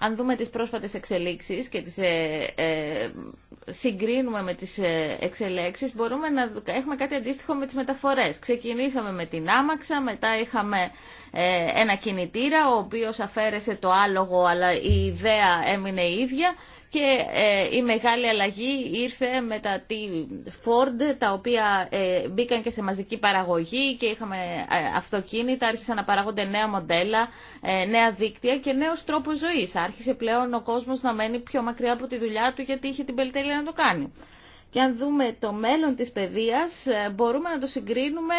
Αν δούμε τις πρόσφατες εξελίξεις και τις ε, ε, συγκρίνουμε με τις εξελίξεις, μπορούμε να έχουμε κάτι αντίστοιχο με τις μεταφορές. Ξεκινήσαμε με την άμαξα, μετά είχαμε ένα κινητήρα, ο οποίος αφαίρεσε το άλογο, αλλά η ιδέα έμεινε ίδια και ε, η μεγάλη αλλαγή ήρθε με τα Ford, τα οποία ε, μπήκαν και σε μαζική παραγωγή και είχαμε ε, αυτοκίνητα, άρχισαν να παράγονται νέα μοντέλα, νέα δίκτυα και νέος τρόπος ζωής. Άρχισε πλέον ο κόσμος να μένει πιο μακριά από τη δουλειά του γιατί είχε την πελτέλεια να το κάνει. Και αν δούμε το μέλλον της παιδείας, ε, μπορούμε να το συγκρίνουμε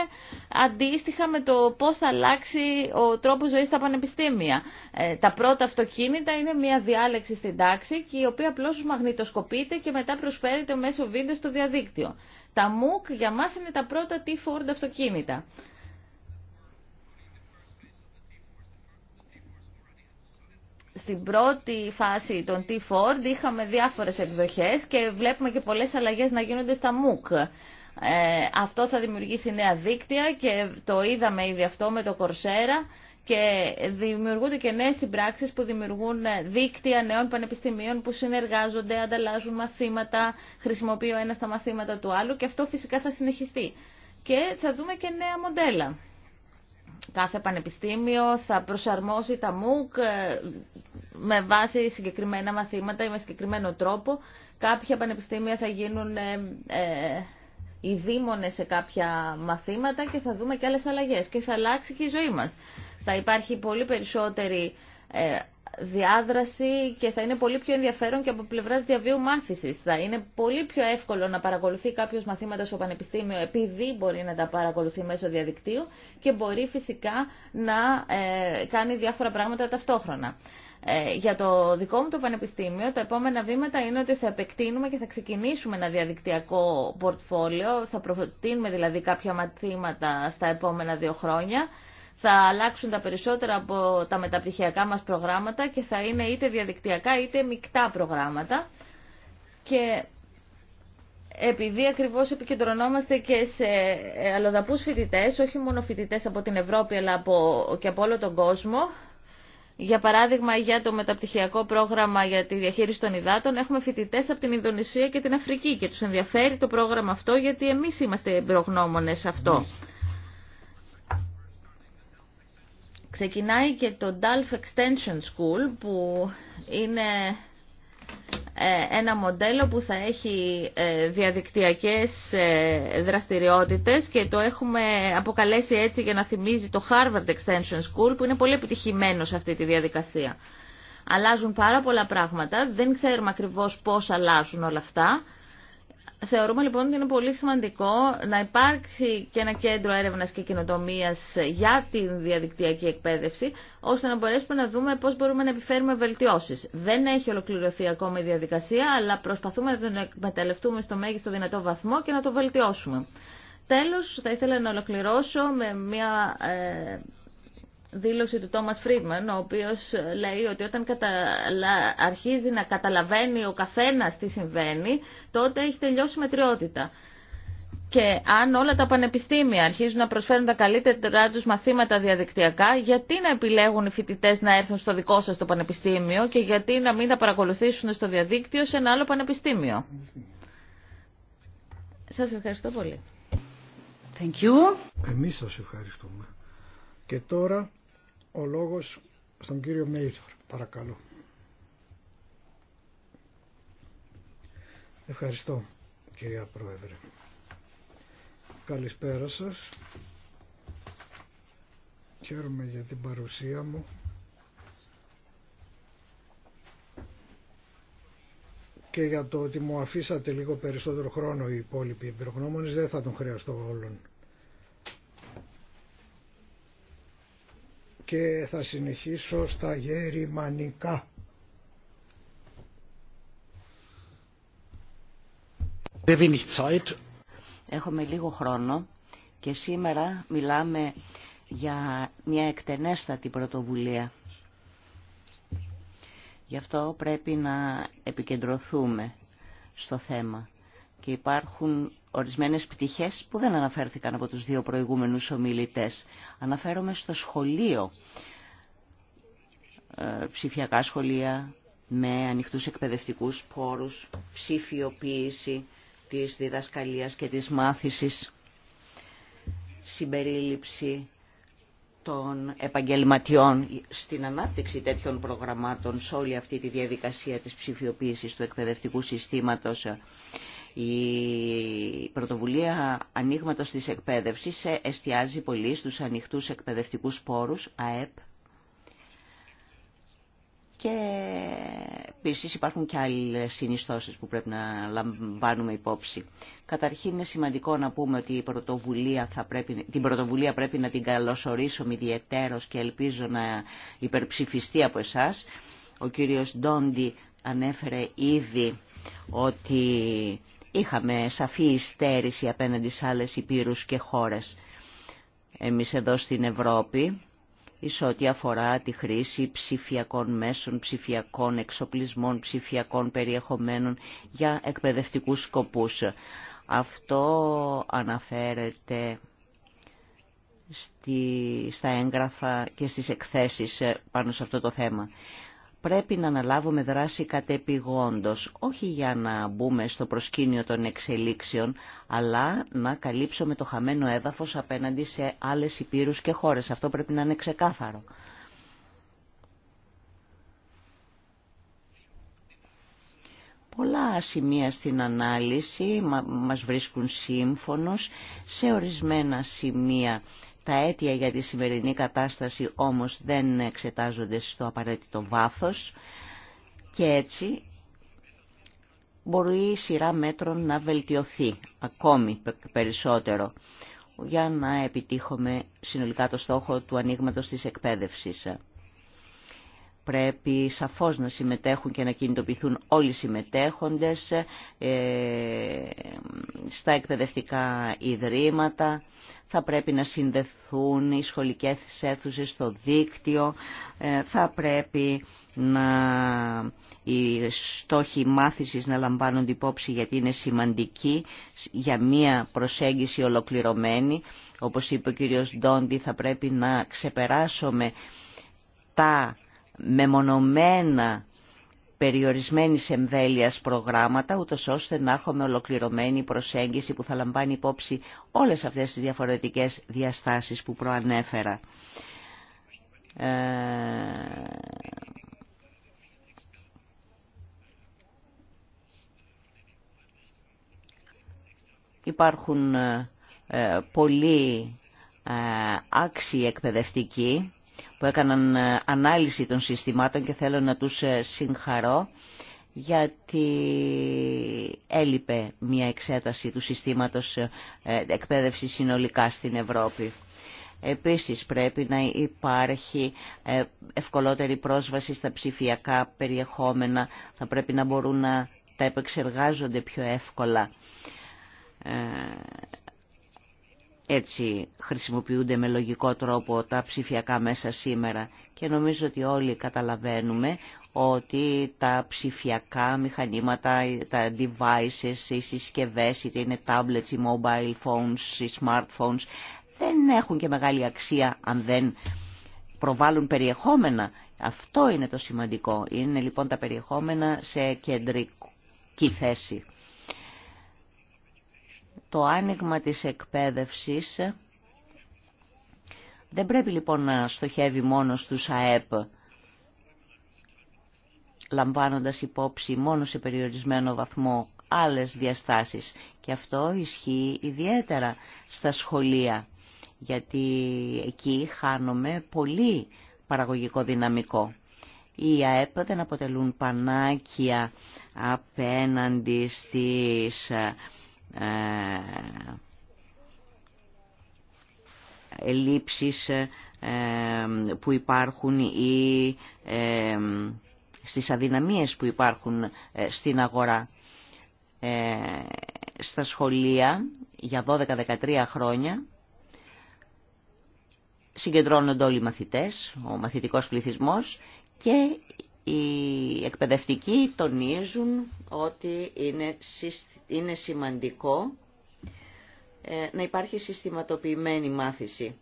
αντίστοιχα με το πώς θα αλλάξει ο τρόπος ζωής στα πανεπιστήμια. Ε, τα πρώτα αυτοκίνητα είναι μια διάλεξη στην τάξη και η οποία απλώς μαγνητοσκοπείται και μετά προσφέρεται μέσω βίντεο στο διαδίκτυο. Τα MOOC για μας είναι τα πρώτα T-Ford αυτοκίνητα. στην πρώτη φάση των T4 είχαμε διάφορες εκδοχές και βλέπουμε και πολλές αλλαγές να γίνονται στα MOOC. Ε, αυτό θα δημιουργήσει νέα δίκτυα και το είδαμε ήδη αυτό με το Coursera και δημιουργούνται και νέες συμπράξεις που δημιουργούν δίκτυα νέων πανεπιστημίων που συνεργάζονται, ανταλλάζουν μαθήματα, χρησιμοποιεί ένα στα τα μαθήματα του άλλου και αυτό φυσικά θα συνεχιστεί. Και θα δούμε και νέα μοντέλα. Κάθε πανεπιστήμιο θα προσαρμόσει τα MOOC ε, με βάση συγκεκριμένα μαθήματα ή με συγκεκριμένο τρόπο. Κάποια πανεπιστήμια θα γίνουν ε, ε, οι δήμονες σε κάποια μαθήματα και θα δούμε και άλλες αλλαγές και θα αλλάξει και η ζωή μας. Θα υπάρχει πολύ περισσότερη διάδραση και θα είναι πολύ πιο ενδιαφέρον και από πλευράς διαβίου μάθησης. Θα είναι πολύ πιο εύκολο να παρακολουθεί κάποιος μαθήματα στο πανεπιστήμιο επειδή μπορεί να τα παρακολουθεί μέσω διαδικτύου και μπορεί φυσικά να ε, κάνει διάφορα πράγματα ταυτόχρονα. Ε, για το δικό μου το πανεπιστήμιο, τα επόμενα βήματα είναι ότι θα επεκτείνουμε και θα ξεκινήσουμε ένα διαδικτυακό πορτφόλιο. Θα προτείνουμε δηλαδή κάποια μαθήματα στα επόμενα δύο χρόνια θα αλλάξουν τα περισσότερα από τα μεταπτυχιακά μας προγράμματα και θα είναι είτε διαδικτυακά είτε μεικτά προγράμματα. Και επειδή ακριβώς επικεντρωνόμαστε και σε ε, αλλοδαπούς φοιτητές, όχι μόνο φοιτητές από την Ευρώπη αλλά από, και από όλο τον κόσμο, για παράδειγμα, για το μεταπτυχιακό πρόγραμμα για τη διαχείριση των υδάτων έχουμε φοιτητέ από την Ινδονησία και την Αφρική και τους ενδιαφέρει το πρόγραμμα αυτό γιατί εμείς είμαστε προγνώμονες σε αυτό. Ξεκινάει και το DALF Extension School που είναι ε, ένα μοντέλο που θα έχει ε, διαδικτυακές ε, δραστηριότητες και το έχουμε αποκαλέσει έτσι για να θυμίζει το Harvard Extension School που είναι πολύ επιτυχημένο σε αυτή τη διαδικασία. Αλλάζουν πάρα πολλά πράγματα, δεν ξέρουμε ακριβώς πώς αλλάζουν όλα αυτά. Θεωρούμε λοιπόν ότι είναι πολύ σημαντικό να υπάρξει και ένα κέντρο έρευνας και κοινοτομίας για την διαδικτυακή εκπαίδευση, ώστε να μπορέσουμε να δούμε πώς μπορούμε να επιφέρουμε βελτιώσεις. Δεν έχει ολοκληρωθεί ακόμα η διαδικασία, αλλά προσπαθούμε να τον εκμεταλλευτούμε στο μέγιστο δυνατό βαθμό και να το βελτιώσουμε. Τέλος, θα ήθελα να ολοκληρώσω με μια ε, δήλωση του Τόμας Φρίντμαν, ο οποίος λέει ότι όταν καταλα... αρχίζει να καταλαβαίνει ο καθένας τι συμβαίνει, τότε έχει τελειώσει μετριότητα. Και αν όλα τα πανεπιστήμια αρχίζουν να προσφέρουν τα καλύτερα του μαθήματα διαδικτυακά, γιατί να επιλέγουν οι φοιτητέ να έρθουν στο δικό σα το πανεπιστήμιο και γιατί να μην τα παρακολουθήσουν στο διαδίκτυο σε ένα άλλο πανεπιστήμιο. Σα ευχαριστώ πολύ. Thank you. ευχαριστούμε. Και τώρα ο λόγος στον κύριο Μέιτορ, παρακαλώ. Ευχαριστώ, κυρία Πρόεδρε. Καλησπέρα σας. Χαίρομαι για την παρουσία μου. και για το ότι μου αφήσατε λίγο περισσότερο χρόνο οι υπόλοιποι εμπειρογνώμονες δεν θα τον χρειαστώ όλων. και θα συνεχίσω στα γερημανικά. Έχουμε λίγο χρόνο και σήμερα μιλάμε για μια εκτενέστατη πρωτοβουλία. Γι' αυτό πρέπει να επικεντρωθούμε στο θέμα. Και υπάρχουν ορισμένες πτυχές που δεν αναφέρθηκαν από τους δύο προηγούμενους ομιλητές. Αναφέρομαι στο σχολείο, ε, ψηφιακά σχολεία με ανοιχτούς εκπαιδευτικούς πόρους, ψηφιοποίηση της διδασκαλίας και της μάθησης, συμπερίληψη των επαγγελματιών στην ανάπτυξη τέτοιων προγραμμάτων σε όλη αυτή τη διαδικασία της ψηφιοποίησης του εκπαιδευτικού συστήματος η πρωτοβουλία ανοίγματο της εκπαίδευσης εστιάζει πολύ στους ανοιχτούς εκπαιδευτικούς πόρους, ΑΕΠ, και επίση υπάρχουν και άλλε συνιστώσει που πρέπει να λαμβάνουμε υπόψη. Καταρχήν είναι σημαντικό να πούμε ότι η πρωτοβουλία θα πρέπει, την πρωτοβουλία πρέπει να την καλωσορίσουμε ιδιαίτερω και ελπίζω να υπερψηφιστεί από εσά. Ο κύριος Ντόντι ανέφερε ήδη ότι είχαμε σαφή υστέρηση απέναντι σε άλλες υπήρους και χώρες. Εμείς εδώ στην Ευρώπη, εις ό,τι αφορά τη χρήση ψηφιακών μέσων, ψηφιακών εξοπλισμών, ψηφιακών περιεχομένων για εκπαιδευτικούς σκοπούς. Αυτό αναφέρεται στα έγγραφα και στις εκθέσεις ε, πάνω σε αυτό το θέμα πρέπει να αναλάβουμε δράση κατεπιγόντος, όχι για να μπούμε στο προσκήνιο των εξελίξεων, αλλά να καλύψουμε το χαμένο έδαφος απέναντι σε άλλες υπήρους και χώρες. Αυτό πρέπει να είναι ξεκάθαρο. Πολλά σημεία στην ανάλυση μας βρίσκουν σύμφωνος. Σε ορισμένα σημεία τα αίτια για τη σημερινή κατάσταση όμως δεν εξετάζονται στο απαραίτητο βάθος και έτσι μπορεί η σειρά μέτρων να βελτιωθεί ακόμη περισσότερο για να επιτύχουμε συνολικά το στόχο του ανοίγματος της εκπαίδευσης πρέπει σαφώς να συμμετέχουν και να κινητοποιηθούν όλοι οι συμμετέχοντες ε, στα εκπαιδευτικά ιδρύματα. Θα πρέπει να συνδεθούν οι σχολικές αίθουσες στο δίκτυο. Ε, θα πρέπει να οι στόχοι μάθησης να λαμβάνονται υπόψη γιατί είναι σημαντικοί για μία προσέγγιση ολοκληρωμένη. Όπως είπε ο κύριος Ντόντι θα πρέπει να ξεπεράσουμε τα μεμονωμένα περιορισμένη εμβέλεια προγράμματα, ούτω ώστε να έχουμε ολοκληρωμένη προσέγγιση που θα λαμβάνει υπόψη όλες αυτές τις διαφορετικές διαστάσεις που προανέφερα. Ε... Υπάρχουν ε, πολλοί ε, άξιοι εκπαιδευτικοί που έκαναν ε, ανάλυση των συστημάτων και θέλω να τους ε, συγχαρώ γιατί έλειπε μια εξέταση του συστήματος ε, εκπαίδευσης συνολικά στην Ευρώπη. Επίσης πρέπει να υπάρχει ευκολότερη πρόσβαση στα ψηφιακά περιεχόμενα, θα πρέπει να μπορούν να τα επεξεργάζονται πιο εύκολα έτσι χρησιμοποιούνται με λογικό τρόπο τα ψηφιακά μέσα σήμερα και νομίζω ότι όλοι καταλαβαίνουμε ότι τα ψηφιακά μηχανήματα, τα devices, οι συσκευές, είτε είναι tablets, οι mobile phones, οι smartphones, δεν έχουν και μεγάλη αξία αν δεν προβάλλουν περιεχόμενα. Αυτό είναι το σημαντικό. Είναι λοιπόν τα περιεχόμενα σε κεντρική θέση το άνοιγμα της εκπαίδευσης δεν πρέπει λοιπόν να στοχεύει μόνο στους ΑΕΠ, λαμβάνοντας υπόψη μόνο σε περιορισμένο βαθμό άλλες διαστάσεις. Και αυτό ισχύει ιδιαίτερα στα σχολεία, γιατί εκεί χάνουμε πολύ παραγωγικό δυναμικό. Οι ΑΕΠ δεν αποτελούν πανάκια απέναντι στις ε, ελλείψεις ε, που υπάρχουν ή ε, στις αδυναμίες που υπάρχουν στην αγορά. Στα σχολεία για 12-13 χρόνια συγκεντρώνονται όλοι οι μαθητές, ο μαθητικός πληθυσμός και οι εκπαιδευτικοί τονίζουν ότι είναι σημαντικό ε, να υπάρχει συστηματοποιημένη μάθηση.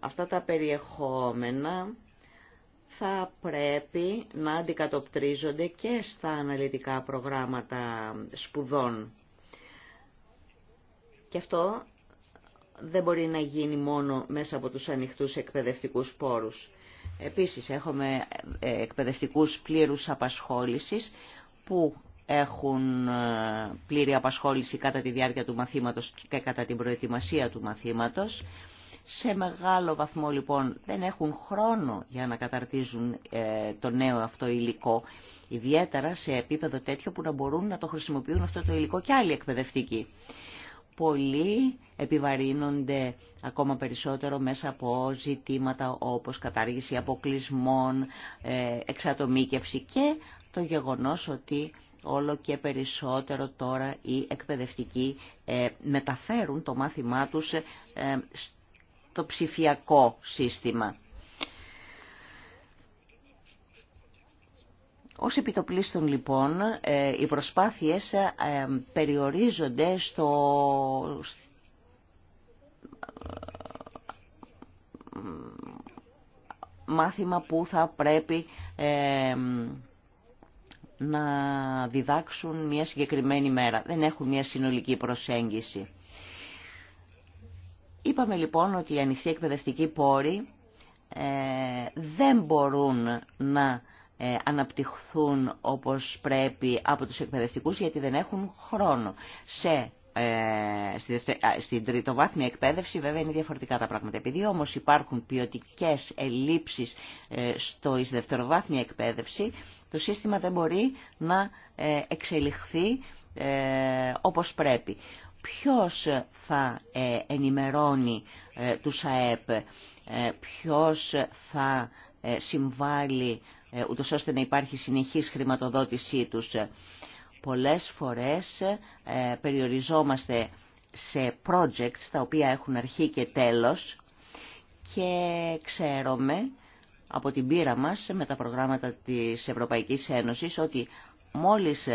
Αυτά τα περιεχόμενα θα πρέπει να αντικατοπτρίζονται και στα αναλυτικά προγράμματα σπουδών. Και αυτό δεν μπορεί να γίνει μόνο μέσα από τους ανοιχτούς εκπαιδευτικούς πόρους. Επίσης έχουμε ε, εκπαιδευτικούς πλήρους απασχόλησης που έχουν ε, πλήρη απασχόληση κατά τη διάρκεια του μαθήματος και κατά την προετοιμασία του μαθήματος. Σε μεγάλο βαθμό λοιπόν δεν έχουν χρόνο για να καταρτίζουν ε, το νέο αυτό υλικό, ιδιαίτερα σε επίπεδο τέτοιο που να μπορούν να το χρησιμοποιούν αυτό το υλικό και άλλοι εκπαιδευτικοί πολλοί επιβαρύνονται ακόμα περισσότερο μέσα από ζητήματα όπως κατάργηση αποκλεισμών, ε, εξατομίκευση και το γεγονός ότι όλο και περισσότερο τώρα οι εκπαιδευτικοί ε, μεταφέρουν το μάθημά τους ε, στο ψηφιακό σύστημα. Ως επιτοπλίστων λοιπόν ε, οι προσπάθειες ε, περιορίζονται στο μάθημα που θα πρέπει ε, να διδάξουν μια συγκεκριμένη μέρα. Δεν έχουν μια συνολική προσέγγιση. Είπαμε λοιπόν ότι οι ανοιχτοί εκπαιδευτικοί πόροι δεν μπορούν να ε, αναπτυχθούν όπως πρέπει από τους εκπαιδευτικούς γιατί δεν έχουν χρόνο. Σε, ε, στη, στην τριτοβάθμια εκπαίδευση βέβαια είναι διαφορετικά τα πράγματα. Επειδή όμως υπάρχουν ποιοτικέ ελλείψεις ε, στο, εις δευτεροβάθμια εκπαίδευση, το σύστημα δεν μπορεί να ε, εξελιχθεί όπως πρέπει. Ποιος θα ενημερώνει του ΑΕΠ, ποιος θα συμβάλλει ε, ούτως ώστε να υπάρχει συνεχής χρηματοδότησή τους. Πολλές φορές ε, περιοριζόμαστε σε projects τα οποία έχουν αρχή και τέλος και ξέρουμε από την πείρα μας με τα προγράμματα της Ευρωπαϊκής Ένωσης ότι μόλις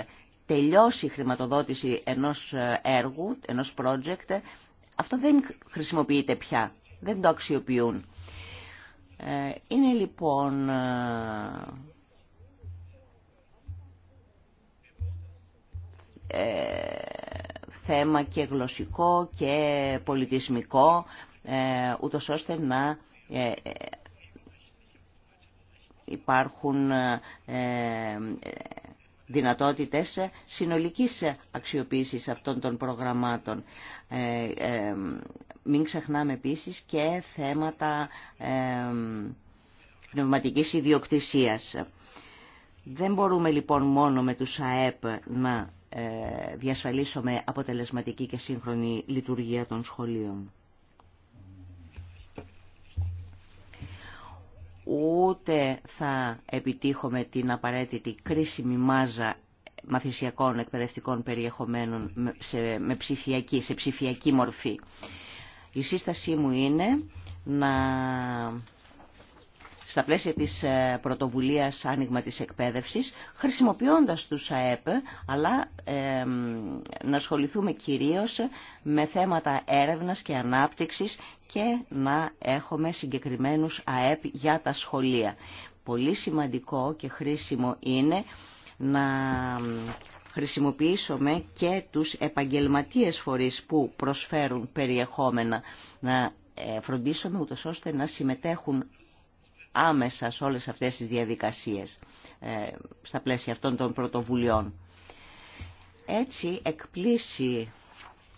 τελειώσει η χρηματοδότηση ενός ε, έργου, ενός project, αυτό δεν χρησιμοποιείται πια, δεν το αξιοποιούν. Ε, είναι λοιπόν ε, ε, θέμα και γλωσσικό και πολιτισμικό ούτως ώστε να υπάρχουν δυνατότητες συνολικής αξιοποίησης αυτών των προγραμμάτων μην ξεχνάμε επίσης και θέματα πνευματικής ιδιοκτησίας. Δεν μπορούμε λοιπόν μόνο με τους ΑΕΠ να ε, διασφαλίσουμε αποτελεσματική και σύγχρονη λειτουργία των σχολείων. Ούτε θα επιτύχουμε την απαραίτητη κρίσιμη μάζα μαθησιακών εκπαιδευτικών περιεχομένων σε, με ψηφιακή, σε ψηφιακή μορφή. Η σύστασή μου είναι να στα πλαίσια της ε, πρωτοβουλίας άνοιγμα της εκπαίδευσης, χρησιμοποιώντας τους ΑΕΠ, αλλά να ασχοληθούμε κυρίως με θέματα έρευνας και ανάπτυξης και να έχουμε συγκεκριμένους ΑΕΠ για τα σχολεία. Πολύ σημαντικό και χρήσιμο είναι να χρησιμοποιήσουμε και τους επαγγελματίες φορείς που προσφέρουν περιεχόμενα να ε, φροντίσουμε ούτως ώστε να συμμετέχουν άμεσα σε όλες αυτές τις διαδικασίες ε, στα πλαίσια αυτών των πρωτοβουλειών. Έτσι εκπλήσει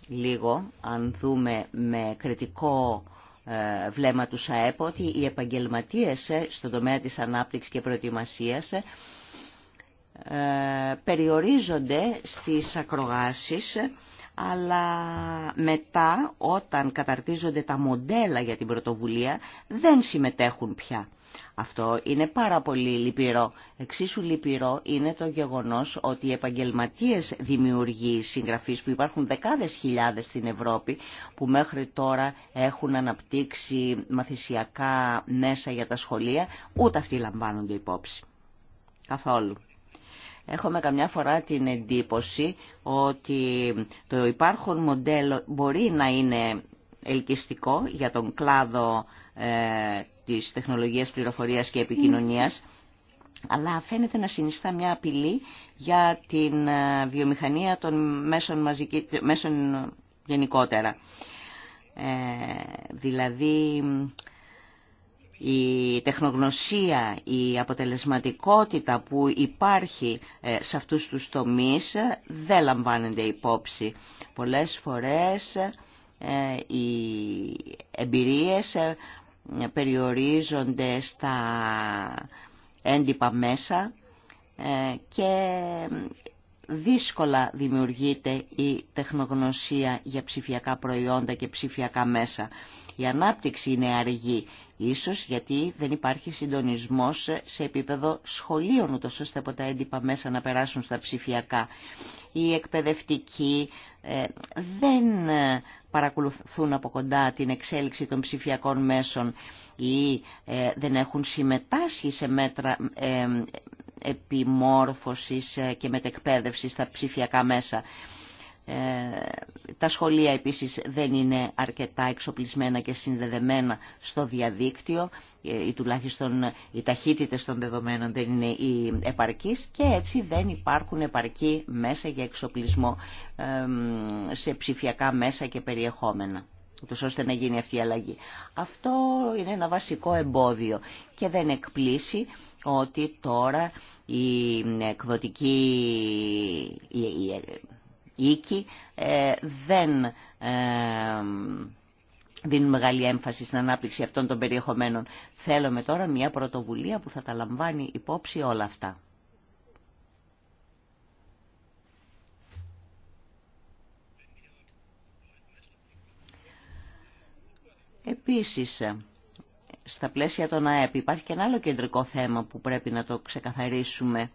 λίγο, αν δούμε με κριτικό ε, βλέμμα του ΣΑΕΠ, ότι οι επαγγελματίες στον τομέα της ανάπτυξης και προετοιμασίας ε, περιορίζονται στις ακρογάσεις αλλά μετά όταν καταρτίζονται τα μοντέλα για την πρωτοβουλία δεν συμμετέχουν πια. Αυτό είναι πάρα πολύ λυπηρό. Εξίσου λυπηρό είναι το γεγονός ότι οι επαγγελματίες δημιουργοί συγγραφείς που υπάρχουν δεκάδες χιλιάδες στην Ευρώπη που μέχρι τώρα έχουν αναπτύξει μαθησιακά μέσα για τα σχολεία ούτε αυτοί λαμβάνονται υπόψη. Καθόλου. Έχουμε καμιά φορά την εντύπωση ότι το υπάρχον μοντέλο μπορεί να είναι ελκυστικό για τον κλάδο ε, της τεχνολογίας πληροφορίας και επικοινωνίας, αλλά φαίνεται να συνιστά μια απειλή για την ε, βιομηχανία των μέσων, μέσων γενικότερα. Ε, δηλαδή η τεχνογνωσία, η αποτελεσματικότητα που υπάρχει ε, σε αυτούς τους τομείς ε, δεν λαμβάνεται υπόψη. Πολλές φορές ε, οι εμπειρίες περιορίζονται στα έντυπα μέσα και δύσκολα δημιουργείται η τεχνογνωσία για ψηφιακά προϊόντα και ψηφιακά μέσα. Η ανάπτυξη είναι αργή Ίσως γιατί δεν υπάρχει συντονισμός σε επίπεδο σχολείων, ούτως ώστε από τα έντυπα μέσα να περάσουν στα ψηφιακά. Οι εκπαιδευτικοί ε, δεν ε, παρακολουθούν από κοντά την εξέλιξη των ψηφιακών μέσων ή ε, δεν έχουν συμμετάσχει σε μέτρα επιμόρφωσης και μετεκπαίδευσης στα ψηφιακά μέσα. Ε, τα σχολεία επίσης δεν είναι αρκετά εξοπλισμένα και συνδεδεμένα στο διαδίκτυο ε, ή τουλάχιστον οι ταχύτητες των δεδομένων δεν είναι οι επαρκείς και έτσι δεν υπάρχουν επαρκή μέσα για εξοπλισμό σε ψηφιακά μέσα και περιεχόμενα ούτως ώστε να γίνει αυτή η αλλαγή. Αυτό είναι ένα βασικό εμπόδιο και δεν εκπλήσει ότι τώρα η εκδοτική, οίκοι ε, δεν ε, δίνουν μεγάλη έμφαση στην ανάπτυξη αυτών των περιεχομένων. Θέλουμε τώρα μια πρωτοβουλία που θα τα λαμβάνει υπόψη όλα αυτά. Επίσης, ε, στα πλαίσια των ΑΕΠ υπάρχει και ένα άλλο κεντρικό θέμα που πρέπει να το ξεκαθαρίσουμε.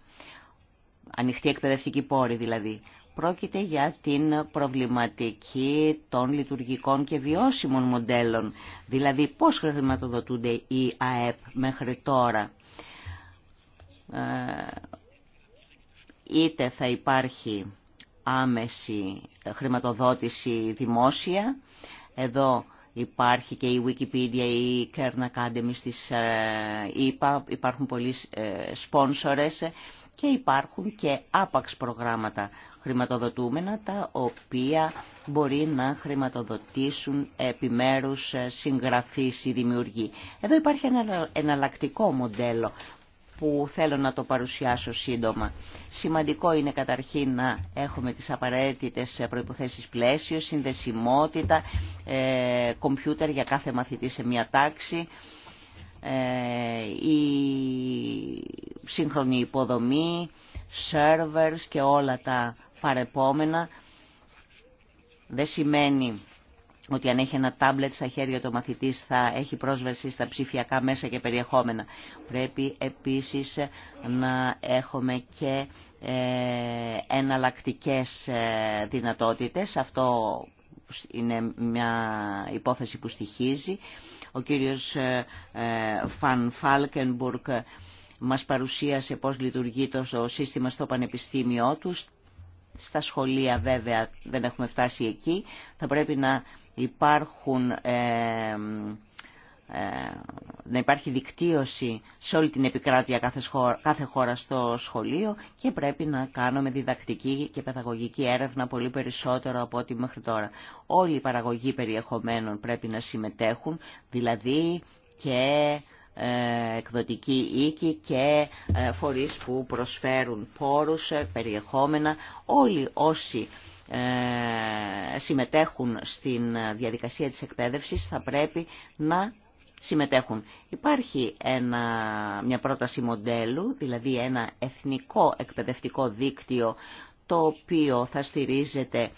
Ανοιχτή εκπαιδευτική πόρη δηλαδή. Πρόκειται για την προβληματική των λειτουργικών και βιώσιμων μοντέλων, δηλαδή πώς χρηματοδοτούνται οι ΑΕΠ μέχρι τώρα. Ε, είτε θα υπάρχει άμεση χρηματοδότηση δημόσια, εδώ υπάρχει και η Wikipedia ή η Kern Academy στις ΕΠΑ, υπάρχουν πολλοί σπόνσορες, και υπάρχουν και άπαξ προγράμματα χρηματοδοτούμενα τα οποία μπορεί να χρηματοδοτήσουν επιμέρους ε, συγγραφείς ή δημιουργοί. Εδώ υπάρχει ένα εναλλακτικό μοντέλο που θέλω να το παρουσιάσω σύντομα. Σημαντικό είναι καταρχήν να έχουμε τις απαραίτητες ε, προϋποθέσεις πλαίσιο, συνδεσιμότητα, ε, κομπιούτερ για κάθε μαθητή σε μια τάξη, ε, η σύγχρονη υποδομή, servers και όλα τα παρεπόμενα. Δεν σημαίνει ότι αν έχει ένα τάμπλετ στα χέρια του μαθητής θα έχει πρόσβαση στα ψηφιακά μέσα και περιεχόμενα. Πρέπει επίσης να έχουμε και ε, εναλλακτικές ε, δυνατότητες. Αυτό είναι μια υπόθεση που στοιχίζει. Ο κύριος ε, ε, Φαν Φάλκενμπουργκ μας παρουσίασε πώς λειτουργεί το σύστημα στο πανεπιστήμιό τους. Στα σχολεία βέβαια δεν έχουμε φτάσει εκεί. Θα πρέπει να υπάρχουν ε, να υπάρχει δικτύωση σε όλη την επικράτεια κάθε χώρα, στο σχολείο και πρέπει να κάνουμε διδακτική και παιδαγωγική έρευνα πολύ περισσότερο από ό,τι μέχρι τώρα. Όλοι οι παραγωγοί περιεχομένων πρέπει να συμμετέχουν, δηλαδή και ε, εκδοτικοί οίκοι και ε, φορείς που προσφέρουν πόρους, ε, περιεχόμενα, όλοι όσοι συμμετέχουν στην διαδικασία της εκπαίδευσης θα πρέπει να συμμετέχουν. Υπάρχει ένα, μια πρόταση μοντέλου, δηλαδή ένα εθνικό εκπαιδευτικό δίκτυο το οποίο θα στηρίζεται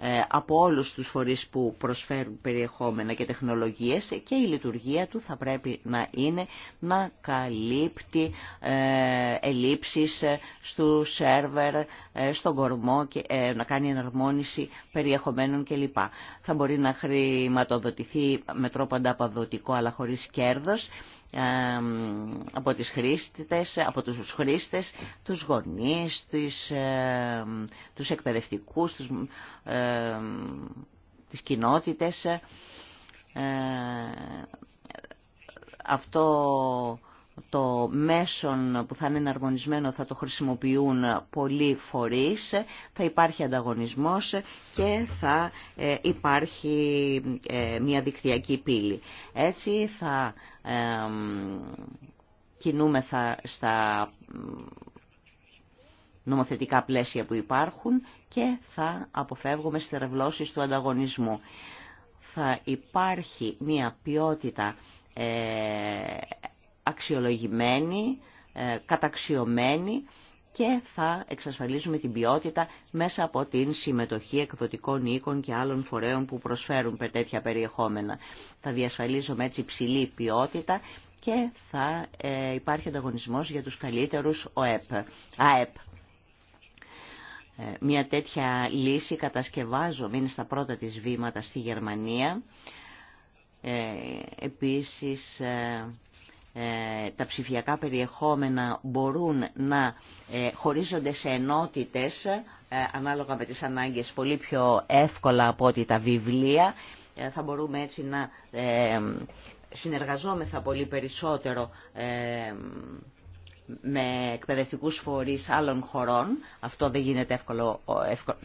ε, από όλους τους φορείς που προσφέρουν περιεχόμενα και τεχνολογίες και η λειτουργία του θα πρέπει να είναι να καλύπτει ε, ελλείψεις ε, στου σερβερ, στον κορμό, και, να κάνει εναρμόνιση περιεχομένων κλπ. Θα μπορεί να χρηματοδοτηθεί με τρόπο ανταπαδοτικό αλλά χωρίς κέρδος από, τις χρήστες, από τους χρήστες, τους γονείς, τους εκπαιδευτικούς, τους, ε, τις κοινότητες. Ε, αυτό το μέσον που θα είναι εναρμονισμένο θα το χρησιμοποιούν πολλοί φορείς, θα υπάρχει ανταγωνισμός και θα ε, υπάρχει ε, μια δικτυακή πύλη. Έτσι θα κινούμεθα στα νομοθετικά πλαίσια που υπάρχουν και θα αποφεύγουμε στερευλώσεις του ανταγωνισμού. Θα υπάρχει μια ποιότητα ε, αξιολογημένη, ε, καταξιωμένη και θα εξασφαλίσουμε την ποιότητα μέσα από την συμμετοχή εκδοτικών οίκων και άλλων φορέων που προσφέρουν τέτοια περιεχόμενα. Θα διασφαλίζουμε έτσι υψηλή ποιότητα και θα ε, υπάρχει ανταγωνισμός για τους καλύτερους ΟΕΠ, ΑΕΠ. Ε, μια τέτοια λύση κατασκευάζομαι, είναι στα πρώτα της βήματα στη Γερμανία. Ε, επίσης ε, τα ψηφιακά περιεχόμενα μπορούν να ε, χωρίζονται σε ενότητες ε, ανάλογα με τις ανάγκες πολύ πιο εύκολα από ότι τα βιβλία. Θα μπορούμε έτσι να συνεργαζόμεθα πολύ περισσότερο με εκπαιδευτικούς φορείς άλλων χωρών. Αυτό δεν γίνεται εύκολο,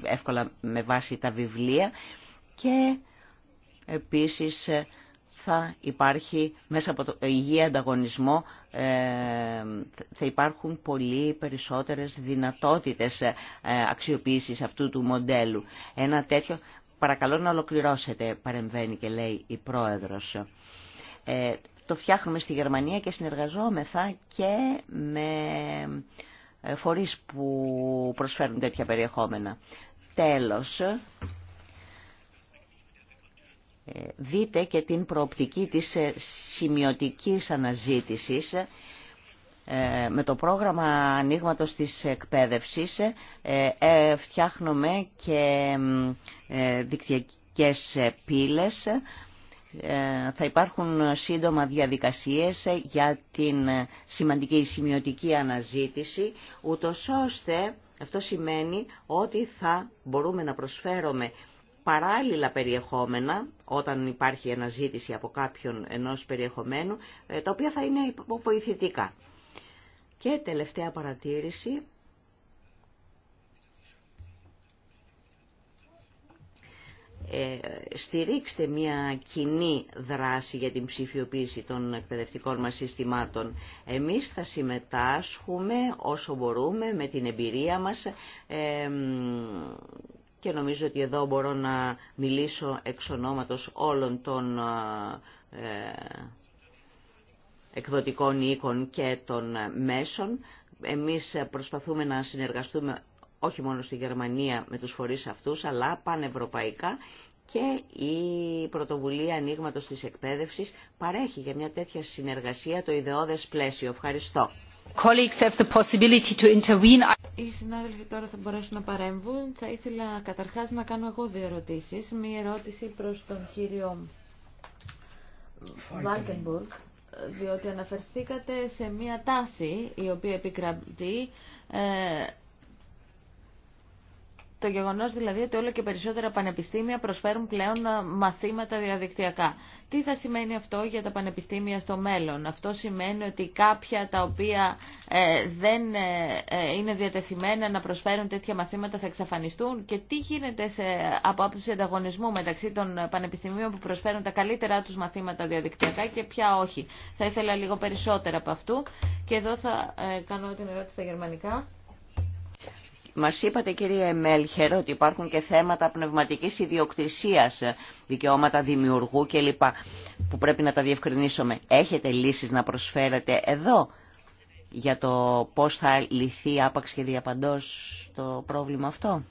εύκολα με βάση τα βιβλία. Και επίσης θα υπάρχει μέσα από το υγεία ανταγωνισμό ε, θα υπάρχουν πολύ περισσότερες δυνατότητες ε, αξιοποίησης αυτού του μοντέλου. Ένα τέτοιο, παρακαλώ να ολοκληρώσετε, παρεμβαίνει και λέει η πρόεδρος. Ε, το φτιάχνουμε στη Γερμανία και συνεργαζόμεθα και με φορείς που προσφέρουν τέτοια περιεχόμενα. Τέλος, δείτε και την προοπτική της ε, σημειωτικής αναζήτησης ε, με το πρόγραμμα ανοίγματος της εκπαίδευσης ε, φτιάχνουμε και δικτυακές πύλες θα υπάρχουν σύντομα διαδικασίες για την σημαντική σημειωτική αναζήτηση, ούτως ώστε αυτό σημαίνει ότι θα μπορούμε να προσφέρουμε παράλληλα περιεχόμενα, όταν υπάρχει αναζήτηση από κάποιον ενός περιεχομένου, ε, τα οποία θα είναι υποποηθητικά. Και τελευταία παρατήρηση. Ε, στηρίξτε μια κοινή δράση για την ψηφιοποίηση των εκπαιδευτικών μας συστημάτων. Εμείς θα συμμετάσχουμε όσο μπορούμε με την εμπειρία μας ε, και νομίζω ότι εδώ μπορώ να μιλήσω εξ ονόματος όλων των ε, εκδοτικών οίκων και των μέσων. Εμείς προσπαθούμε να συνεργαστούμε όχι μόνο στη Γερμανία με τους φορείς αυτούς, αλλά πανευρωπαϊκά και η πρωτοβουλία ανοίγματο της εκπαίδευσης παρέχει για μια τέτοια συνεργασία το ιδεώδες πλαίσιο. Ευχαριστώ οι συνάδελφοι τώρα θα μπορέσουν να παρέμβουν. Θα ήθελα καταρχάς να κάνω εγώ δύο ερωτήσεις. Μία ερώτηση προς τον κύριο Βάλκενμπουργκ, διότι αναφερθήκατε σε μία τάση η οποία επικρατεί ε, το γεγονός δηλαδή ότι όλο και περισσότερα πανεπιστήμια προσφέρουν πλέον ε, μαθήματα διαδικτυακά. Τι θα σημαίνει αυτό για τα πανεπιστήμια στο μέλλον. Αυτό σημαίνει ότι κάποια τα οποία ε, δεν ε, είναι διατεθειμένα να προσφέρουν τέτοια μαθήματα θα εξαφανιστούν και τι γίνεται σε, από άποψη ανταγωνισμού μεταξύ των πανεπιστημίων που προσφέρουν τα καλύτερά τους μαθήματα διαδικτυακά και ποια όχι. Θα ήθελα λίγο περισσότερα από αυτού και εδώ θα κάνω την ερώτηση στα γερμανικά. Μας είπατε κύριε Μέλχερ ότι υπάρχουν και θέματα πνευματικής ιδιοκτησίας, δικαιώματα δημιουργού κλπ. που πρέπει να τα διευκρινίσουμε. Έχετε λύσεις να προσφέρετε εδώ για το πώς θα λυθεί άπαξ και διαπαντός το πρόβλημα αυτό.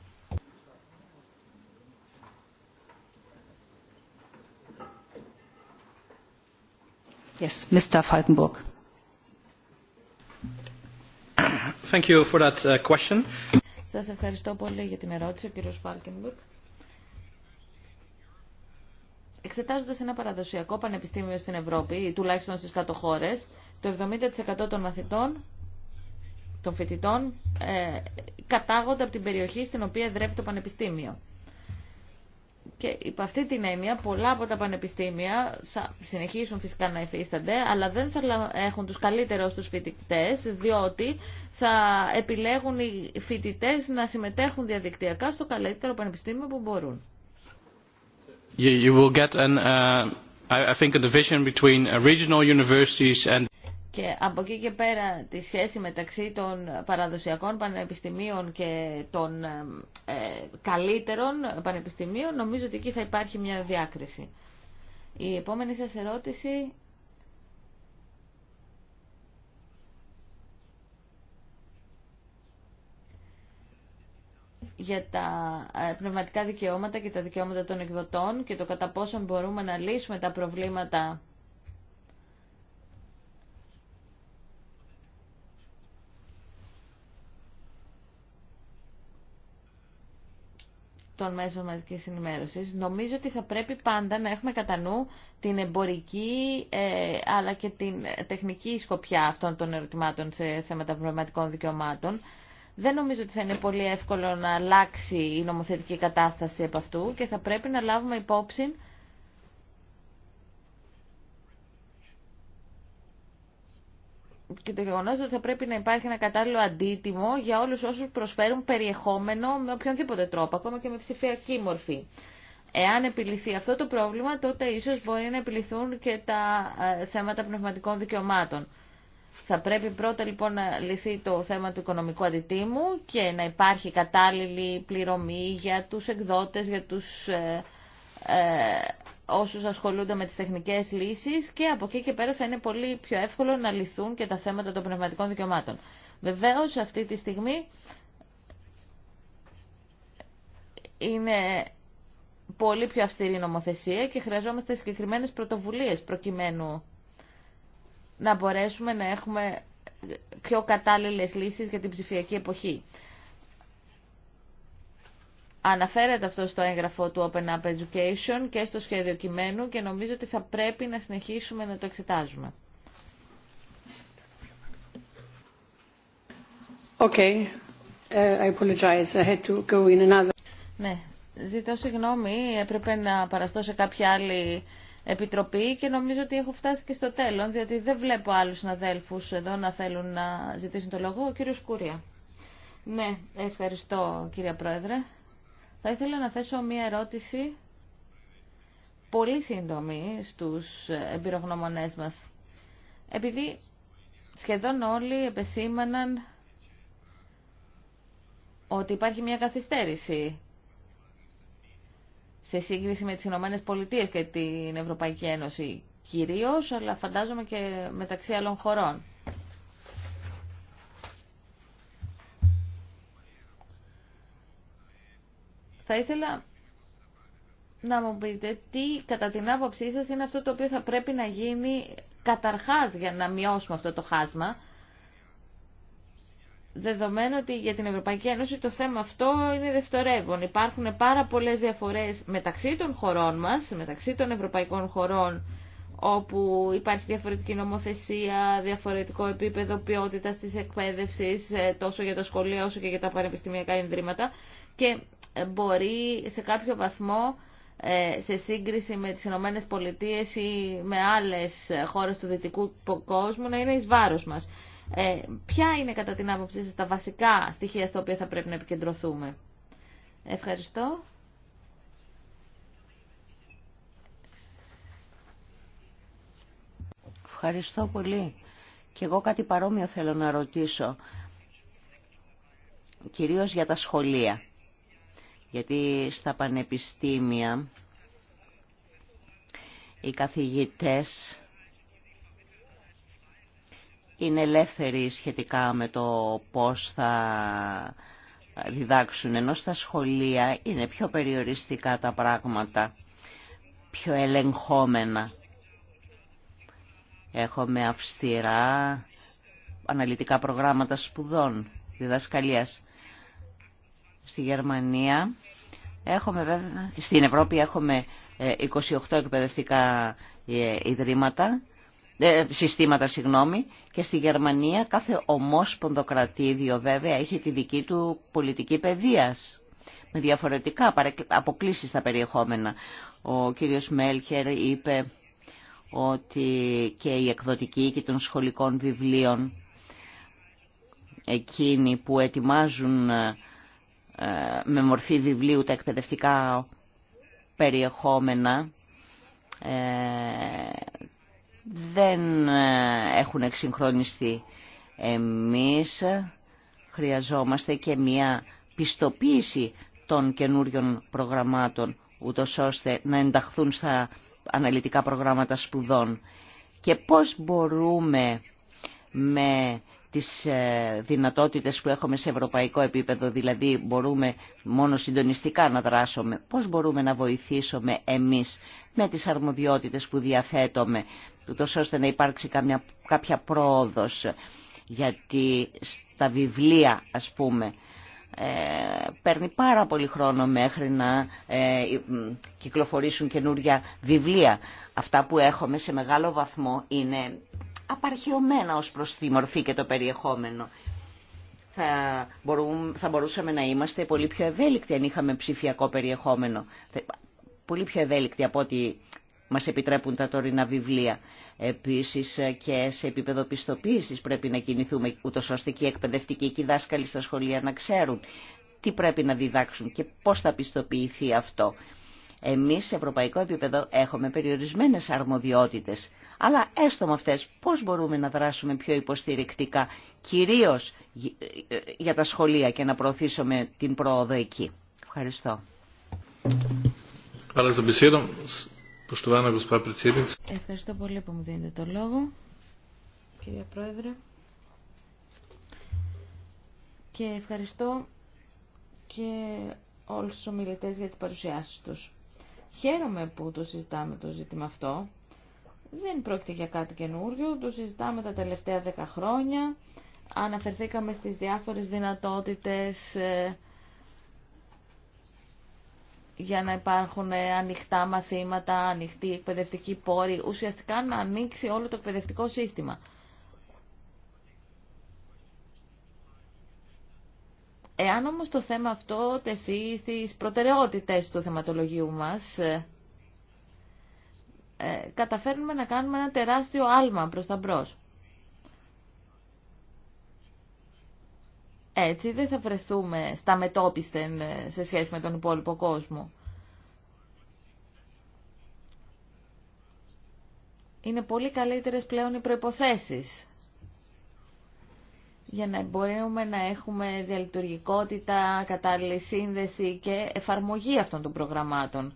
Yes, Mr. for uh, question. Σας ευχαριστώ πολύ για την ερώτηση, ο κύριος Φάλκενμπουργκ. Εξετάζοντας ένα παραδοσιακό πανεπιστήμιο στην Ευρώπη, ή τουλάχιστον στις κάτω χώρες, το 70% των μαθητών, των φοιτητών, ε, κατάγονται από την περιοχή στην οποία εδρεύει το πανεπιστήμιο. Και υπ' αυτή την έννοια πολλά από τα πανεπιστήμια θα συνεχίσουν φυσικά να υφίστανται, αλλά δεν θα έχουν τους καλύτερους τους φοιτητές, διότι θα επιλέγουν οι φοιτητές να συμμετέχουν διαδικτυακά στο καλύτερο πανεπιστήμιο που μπορούν. You will get an, uh, I think a division between uh, regional universities and και από εκεί και πέρα τη σχέση μεταξύ των παραδοσιακών πανεπιστημίων και των ε, καλύτερων πανεπιστημίων, νομίζω ότι εκεί θα υπάρχει μια διάκριση. Η επόμενη σας ερώτηση... για τα ε, πνευματικά δικαιώματα και τα δικαιώματα των εκδοτών και το κατά πόσον μπορούμε να λύσουμε τα προβλήματα των μέσων μαζικής ενημέρωσης, νομίζω ότι θα πρέπει πάντα να έχουμε κατά νου την εμπορική ε, αλλά και την τεχνική σκοπιά αυτών των ερωτημάτων σε θέματα πνευματικών δικαιωμάτων. Δεν νομίζω ότι θα είναι πολύ εύκολο να αλλάξει η νομοθετική κατάσταση από αυτού και θα πρέπει να λάβουμε υπόψη και το γεγονό ότι θα πρέπει να υπάρχει ένα κατάλληλο αντίτιμο για όλους όσου προσφέρουν περιεχόμενο με οποιονδήποτε τρόπο, ακόμα και με ψηφιακή μορφή. Εάν επιληθεί αυτό το πρόβλημα, τότε ίσως μπορεί να επιληθούν και τα ε, θέματα πνευματικών δικαιωμάτων. Θα πρέπει πρώτα λοιπόν να λυθεί το θέμα του οικονομικού αντιτίμου και να υπάρχει κατάλληλη πληρωμή για τους εκδότες, για τους ε, ε, όσους ασχολούνται με τις τεχνικές λύσεις και από εκεί και πέρα θα είναι πολύ πιο εύκολο να λυθούν και τα θέματα των πνευματικών δικαιωμάτων. Βεβαίως αυτή τη στιγμή είναι πολύ πιο αυστηρή νομοθεσία και χρειαζόμαστε συγκεκριμένες πρωτοβουλίες προκειμένου να μπορέσουμε να έχουμε πιο κατάλληλες λύσεις για την ψηφιακή εποχή. Αναφέρεται αυτό στο έγγραφο του Open Up Education και στο σχέδιο κειμένου και νομίζω ότι θα πρέπει να συνεχίσουμε να το εξετάζουμε. Okay. Uh, I I had to go in another. Ναι, ζητώ συγγνώμη, έπρεπε να παραστώ σε κάποια άλλη επιτροπή και νομίζω ότι έχω φτάσει και στο τέλος, διότι δεν βλέπω άλλους συναδέλφους εδώ να θέλουν να ζητήσουν το λόγο. Ο κύριος Κούρια. Ναι, ευχαριστώ κύριε Πρόεδρε. Θα ήθελα να θέσω μία ερώτηση πολύ σύντομη στους εμπειρογνωμονές μας. Επειδή σχεδόν όλοι επεσήμαναν ότι υπάρχει μια καθυστέρηση σε σύγκριση με τις Ηνωμένε Πολιτείες και την Ευρωπαϊκή Ένωση κυρίως, αλλά φαντάζομαι και μεταξύ άλλων χωρών. Θα ήθελα να μου πείτε τι κατά την άποψή σας είναι αυτό το οποίο θα πρέπει να γίνει καταρχάς για να μειώσουμε αυτό το χάσμα δεδομένου ότι για την Ευρωπαϊκή Ένωση το θέμα αυτό είναι δευτερεύον. Υπάρχουν πάρα πολλές διαφορές μεταξύ των χωρών μας, μεταξύ των ευρωπαϊκών χωρών, όπου υπάρχει διαφορετική νομοθεσία, διαφορετικό επίπεδο ποιότητας της εκπαίδευσης, ε, τόσο για τα σχολεία όσο και για τα πανεπιστημιακά ιδρύματα. Και μπορεί σε κάποιο βαθμό ε, σε σύγκριση με τις Ηνωμένε χώρε του Δητικού Κόσμου να είναι ή με άλλες χώρες του δυτικού κόσμου να είναι εις βάρος μας. Ε, ποια είναι κατά την άποψή σας τα βασικά στοιχεία στα οποία θα πρέπει να επικεντρωθούμε. Ευχαριστώ. Ευχαριστώ πολύ. Και εγώ κάτι παρόμοιο θέλω να ρωτήσω, κυρίως για τα σχολεία γιατί στα πανεπιστήμια οι καθηγητές είναι ελεύθεροι σχετικά με το πώς θα διδάξουν, ενώ στα σχολεία είναι πιο περιοριστικά τα πράγματα, πιο ελεγχόμενα. Έχουμε αυστηρά αναλυτικά προγράμματα σπουδών, διδασκαλίας. Στη Γερμανία Έχουμε βέβαια, στην Ευρώπη έχουμε 28 ε, εκπαιδευτικά ε, ιδρύματα, ε, συστήματα συγγνώμη, και στη Γερμανία κάθε ομόσπονδο κρατήδιο βέβαια έχει τη δική του πολιτική παιδείας με διαφορετικά αποκλήσεις στα περιεχόμενα. Ο κύριος Μέλχερ είπε ότι και η εκδοτική και των σχολικών βιβλίων εκείνοι που ετοιμάζουν ε, με μορφή βιβλίου τα εκπαιδευτικά περιεχόμενα ε, δεν ε, έχουν εξυγχρονιστεί. Εμείς χρειαζόμαστε και μια πιστοποίηση των καινούριων προγραμμάτων ούτως ώστε να ενταχθούν στα αναλυτικά προγράμματα σπουδών. Και πώς μπορούμε με τις ε, δυνατότητες που έχουμε σε ευρωπαϊκό επίπεδο, δηλαδή μπορούμε μόνο συντονιστικά να δράσουμε, πώς μπορούμε να βοηθήσουμε εμείς με τις αρμοδιότητες που διαθέτουμε, τόσο ώστε να υπάρξει καμιά, κάποια πρόοδος, γιατί στα βιβλία ας πούμε, ε, παίρνει πάρα πολύ χρόνο μέχρι να ε, κυκλοφορήσουν καινούρια βιβλία. Αυτά που έχουμε σε μεγάλο βαθμό είναι απαρχαιωμένα ως προς τη μορφή και το περιεχόμενο. Θα, θα μπορούσαμε να είμαστε πολύ πιο ευέλικτοι αν είχαμε ψηφιακό περιεχόμενο. Πολύ πιο ευέλικτοι από ό,τι μας επιτρέπουν τα τωρινά βιβλία. Επίσης και σε επίπεδο πιστοποίησης πρέπει να κινηθούμε, ούτως ώστε και οι εκπαιδευτικοί και οι δάσκαλοι στα σχολεία να ξέρουν τι πρέπει να διδάξουν και πώς θα πιστοποιηθεί αυτό. Εμείς σε ευρωπαϊκό επίπεδο έχουμε περιορισμένες αρμοδιότητες, αλλά έστω με αυτές πώς μπορούμε να δράσουμε πιο υποστηρικτικά, κυρίως ε, για τα σχολεία και να προωθήσουμε την πρόοδο εκεί. Ευχαριστώ. Ευχαριστώ πολύ που μου δίνετε το λόγο, κυρία Πρόεδρε. Και ευχαριστώ και όλους τους ομιλητές για τις παρουσιάσεις τους. Χαίρομαι που το συζητάμε το ζήτημα αυτό. Δεν πρόκειται για κάτι καινούριο, το συζητάμε τα τελευταία δέκα χρόνια. Αναφερθήκαμε στις διάφορες δυνατότητες ε, για να υπάρχουν ε, ανοιχτά μαθήματα, ανοιχτή εκπαιδευτική πόρη, ουσιαστικά να ανοίξει όλο το εκπαιδευτικό σύστημα. Εάν όμως το θέμα αυτό τεθεί στις προτεραιότητες του θεματολογίου μας, ε, ε, καταφέρνουμε να κάνουμε ένα τεράστιο άλμα προς τα μπρος. Έτσι δεν θα βρεθούμε στα μετόπιστεν ε, σε σχέση με τον υπόλοιπο κόσμο. Είναι πολύ καλύτερες πλέον οι προϋποθέσεις για να μπορούμε να έχουμε διαλειτουργικότητα, κατάλληλη σύνδεση και εφαρμογή αυτών των προγραμμάτων.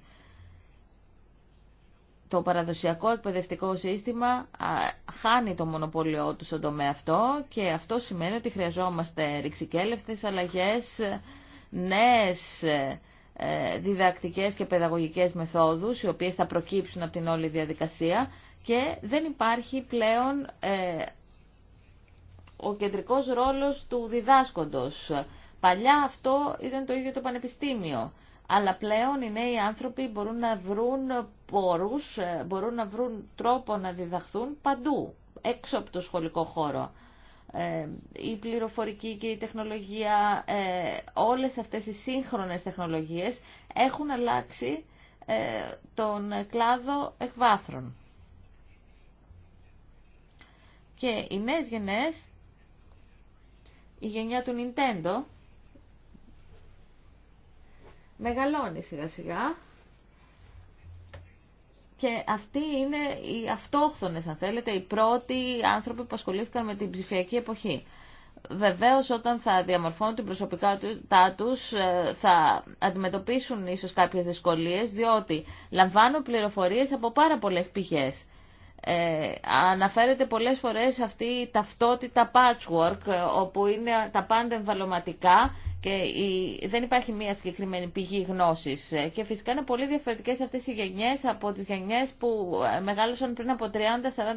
Το παραδοσιακό εκπαιδευτικό σύστημα χάνει το μονοπολίο του στον τομέα αυτό και αυτό σημαίνει ότι χρειαζόμαστε ρηξικέλευτες αλλαγές, νέες ε, διδακτικές και παιδαγωγικές μεθόδους, οι οποίες θα προκύψουν από την όλη διαδικασία και δεν υπάρχει πλέον ε, ο κεντρικός ρόλος του διδάσκοντος. Παλιά αυτό ήταν το ίδιο το πανεπιστήμιο. Αλλά πλέον οι νέοι άνθρωποι μπορούν να βρουν πόρους, ε, μπορούν να βρουν τρόπο να διδαχθούν παντού, έξω από το σχολικό χώρο. Ε, η πληροφορική και η τεχνολογία, ε, όλες αυτές οι σύγχρονες τεχνολογίες έχουν αλλάξει τον κλάδο εκβάθρων. Και οι νέες γενναίες η γενιά του Nintendo μεγαλώνει σιγά σιγά και αυτοί είναι οι αυτόχθονες αν θέλετε, οι πρώτοι άνθρωποι που ασχολήθηκαν με την ψηφιακή εποχή. Βεβαίως όταν θα διαμορφώνουν την προσωπικότητά τους ε, θα αντιμετωπίσουν ίσως κάποιες δυσκολίες διότι λαμβάνουν πληροφορίες από πάρα πολλές πηγές. Ε, αναφέρεται πολλές φορές αυτή η ταυτότητα patchwork, ε, όπου είναι τα πάντα εμβαλωματικά και η, δεν υπάρχει μία συγκεκριμένη πηγή γνώσης. Ε, και φυσικά είναι πολύ διαφορετικές αυτές οι γενιές από τις γενιές που ε, μεγάλωσαν πριν από 30-40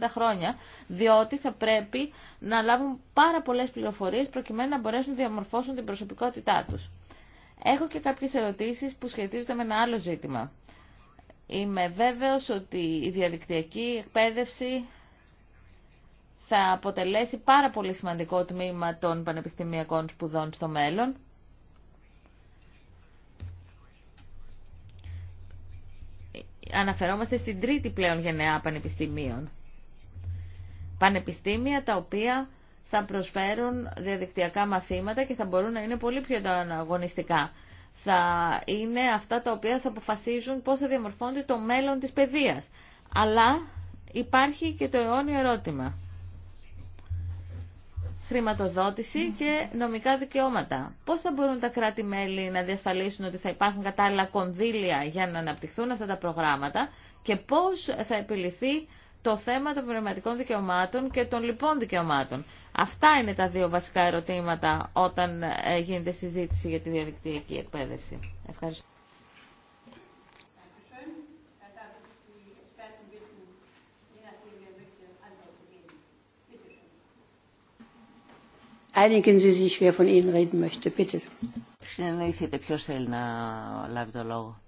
χρόνια, διότι θα πρέπει να λάβουν πάρα πολλές πληροφορίες προκειμένου να μπορέσουν να διαμορφώσουν την προσωπικότητά τους. Έχω και κάποιες ερωτήσεις που σχετίζονται με ένα άλλο ζήτημα. Είμαι βέβαιος ότι η διαδικτυακή εκπαίδευση θα αποτελέσει πάρα πολύ σημαντικό τμήμα των πανεπιστημιακών σπουδών στο μέλλον. Αναφερόμαστε στην τρίτη πλέον γενεά πανεπιστημίων. Πανεπιστήμια τα οποία θα προσφέρουν διαδικτυακά μαθήματα και θα μπορούν να είναι πολύ πιο ανταγωνιστικά θα είναι αυτά τα οποία θα αποφασίζουν πώς θα διαμορφώνεται το μέλλον της παιδείας. Αλλά υπάρχει και το αιώνιο ερώτημα. Χρηματοδότηση και νομικά δικαιώματα. Πώς θα μπορούν τα κράτη-μέλη να διασφαλίσουν ότι θα υπάρχουν κατάλληλα κονδύλια για να αναπτυχθούν αυτά τα προγράμματα και πώς θα επιληθεί το θέμα των πνευματικών δικαιωμάτων και των λοιπών δικαιωμάτων. Αυτά είναι τα δύο βασικά ερωτήματα όταν ε, γίνεται συζήτηση για τη διαδικτυακή εκπαίδευση. Ευχαριστώ. Einigen Sie sich, wer von Ihnen reden möchte, ποιος θέλει να λάβει το λόγο.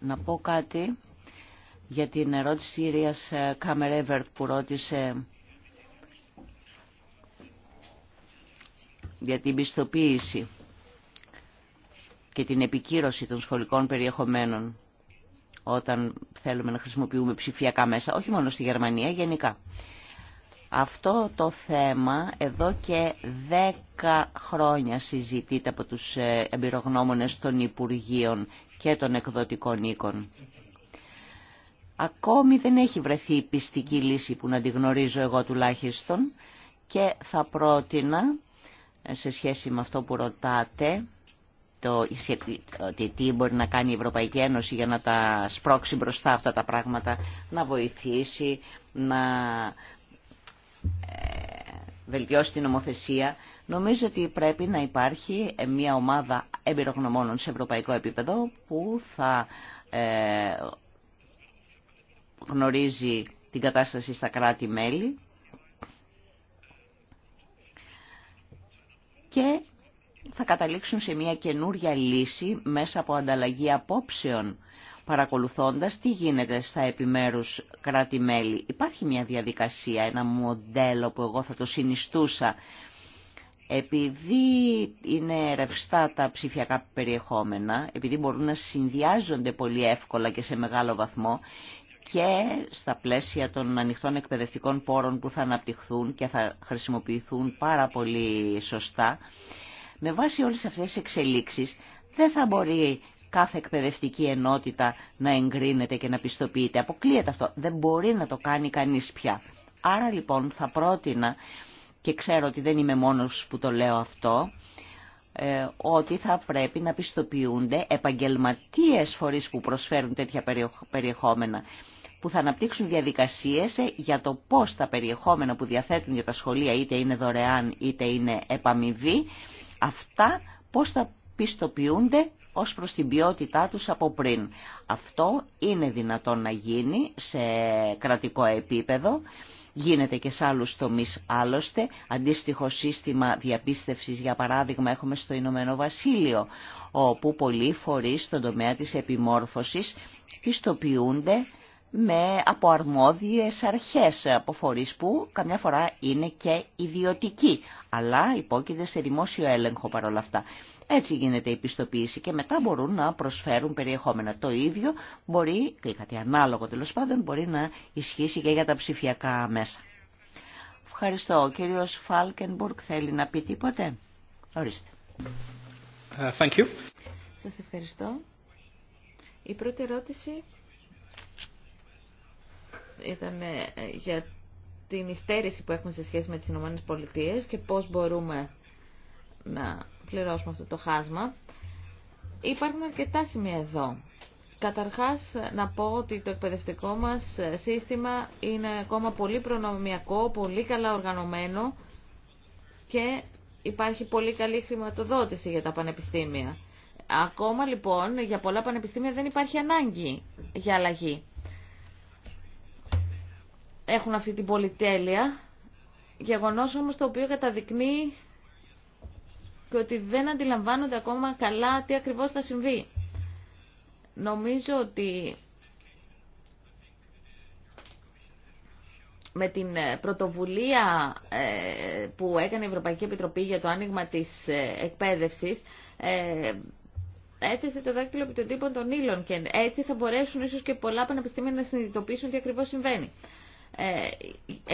Να πω κάτι για την ερώτηση Ηρίας ε, Καμερέβερτ που ρώτησε για την πιστοποίηση και την επικύρωση των σχολικών περιεχομένων όταν θέλουμε να χρησιμοποιούμε ψηφιακά μέσα, όχι μόνο στη Γερμανία, γενικά. Αυτό το θέμα εδώ και δέκα χρόνια συζητείται από τους ε, εμπειρογνώμονες των Υπουργείων και των εκδοτικών οίκων. Ακόμη δεν έχει βρεθεί η πιστική λύση που να τη γνωρίζω εγώ τουλάχιστον και θα πρότεινα ε, σε σχέση με αυτό που ρωτάτε το, ότι τι μπορεί να κάνει η Ευρωπαϊκή Ένωση για να τα σπρώξει μπροστά αυτά τα πράγματα, να βοηθήσει, να ε, βελτιώσει την νομοθεσία. Νομίζω ότι πρέπει να υπάρχει ε, μια ομάδα εμπειρογνωμόνων σε ευρωπαϊκό επίπεδο που θα γνωρίζει την κατάσταση στα κράτη-μέλη και θα καταλήξουν σε μια καινούρια λύση μέσα από ανταλλαγή απόψεων παρακολουθώντας τι γίνεται στα επιμέρους κράτη-μέλη. Υπάρχει μια διαδικασία, ένα μοντέλο που εγώ θα το συνιστούσα επειδή είναι ρευστά τα ψηφιακά περιεχόμενα, επειδή μπορούν να συνδυάζονται πολύ εύκολα και σε μεγάλο βαθμό, και στα πλαίσια των ανοιχτών εκπαιδευτικών πόρων που θα αναπτυχθούν και θα χρησιμοποιηθούν πάρα πολύ σωστά, με βάση όλες αυτές τις εξελίξεις δεν θα μπορεί κάθε εκπαιδευτική ενότητα να εγκρίνεται και να πιστοποιείται. Αποκλείεται αυτό. Δεν μπορεί να το κάνει κανείς πια. Άρα λοιπόν θα πρότεινα, και ξέρω ότι δεν είμαι μόνος που το λέω αυτό, ε, ότι θα πρέπει να πιστοποιούνται επαγγελματίες φορείς που προσφέρουν τέτοια περιεχόμενα που θα αναπτύξουν διαδικασίες ε, για το πώς τα περιεχόμενα που διαθέτουν για τα σχολεία είτε είναι δωρεάν είτε είναι επαμοιβή, αυτά πώς θα πιστοποιούνται ως προς την ποιότητά τους από πριν. Αυτό είναι δυνατόν να γίνει σε κρατικό επίπεδο. Γίνεται και σε άλλους τομείς άλλωστε. Αντίστοιχο σύστημα διαπίστευσης, για παράδειγμα, έχουμε στο Ηνωμένο Βασίλειο, όπου πολλοί φορείς στον τομέα της επιμόρφωσης πιστοποιούνται με, από αρμόδιες αρχές, από φορείς που καμιά φορά είναι και ιδιωτικοί, αλλά υπόκειται σε δημόσιο έλεγχο παρόλα αυτά. Έτσι γίνεται η πιστοποίηση και μετά μπορούν να προσφέρουν περιεχόμενα. Το ίδιο μπορεί, και κάτι ανάλογο τέλο πάντων, μπορεί να ισχύσει και για τα ψηφιακά μέσα. Ευχαριστώ. Ο κύριος Φάλκενμπουργκ θέλει να πει τίποτε. Ορίστε. Ε, thank you. Σας ευχαριστώ. Η πρώτη ερώτηση ήταν ε, για την υστέρηση που έχουμε σε σχέση με τις Ηνωμένες Πολιτείες και πώς μπορούμε να πληρώσουμε αυτό το χάσμα. Υπάρχουν αρκετά σημεία εδώ. Καταρχάς, να πω ότι το εκπαιδευτικό μας ε, σύστημα είναι ακόμα πολύ προνομιακό, πολύ καλά οργανωμένο και υπάρχει πολύ καλή χρηματοδότηση για τα πανεπιστήμια. Ακόμα λοιπόν, για πολλά πανεπιστήμια δεν υπάρχει ανάγκη για αλλαγή έχουν αυτή την πολυτέλεια, γεγονός όμως το οποίο καταδεικνύει και ότι δεν αντιλαμβάνονται ακόμα καλά τι ακριβώς θα συμβεί. Νομίζω ότι με την ε, πρωτοβουλία ε, που έκανε η Ευρωπαϊκή Επιτροπή για το άνοιγμα της ε, εκπαίδευσης έθεσε το δάκτυλο επί των τύπων των ήλων και έτσι θα μπορέσουν ίσως και πολλά πανεπιστήμια να συνειδητοποιήσουν τι ακριβώς συμβαίνει. Ε,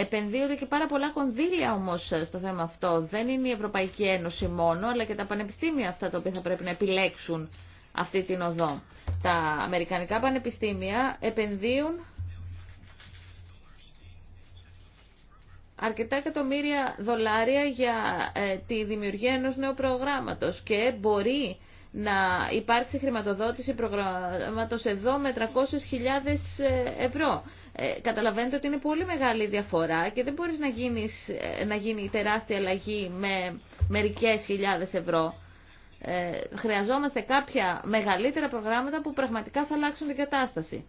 επενδύονται και πάρα πολλά κονδύλια όμως στο θέμα αυτό. Δεν είναι η Ευρωπαϊκή Ένωση μόνο, αλλά και τα πανεπιστήμια αυτά τα οποία θα πρέπει να επιλέξουν αυτή την οδό. Τα Αμερικανικά πανεπιστήμια επενδύουν αρκετά εκατομμύρια δολάρια για ε, τη δημιουργία ενός νέου προγράμματος και μπορεί να υπάρξει χρηματοδότηση προγράμματος εδώ με 300.000 ε, ευρώ. Ε, καταλαβαίνετε ότι είναι πολύ μεγάλη διαφορά και δεν μπορείς να, γίνεις, ε, να γίνει τεράστια αλλαγή με μερικές χιλιάδες ευρώ. Ε, χρειαζόμαστε κάποια μεγαλύτερα προγράμματα που πραγματικά θα αλλάξουν την κατάσταση.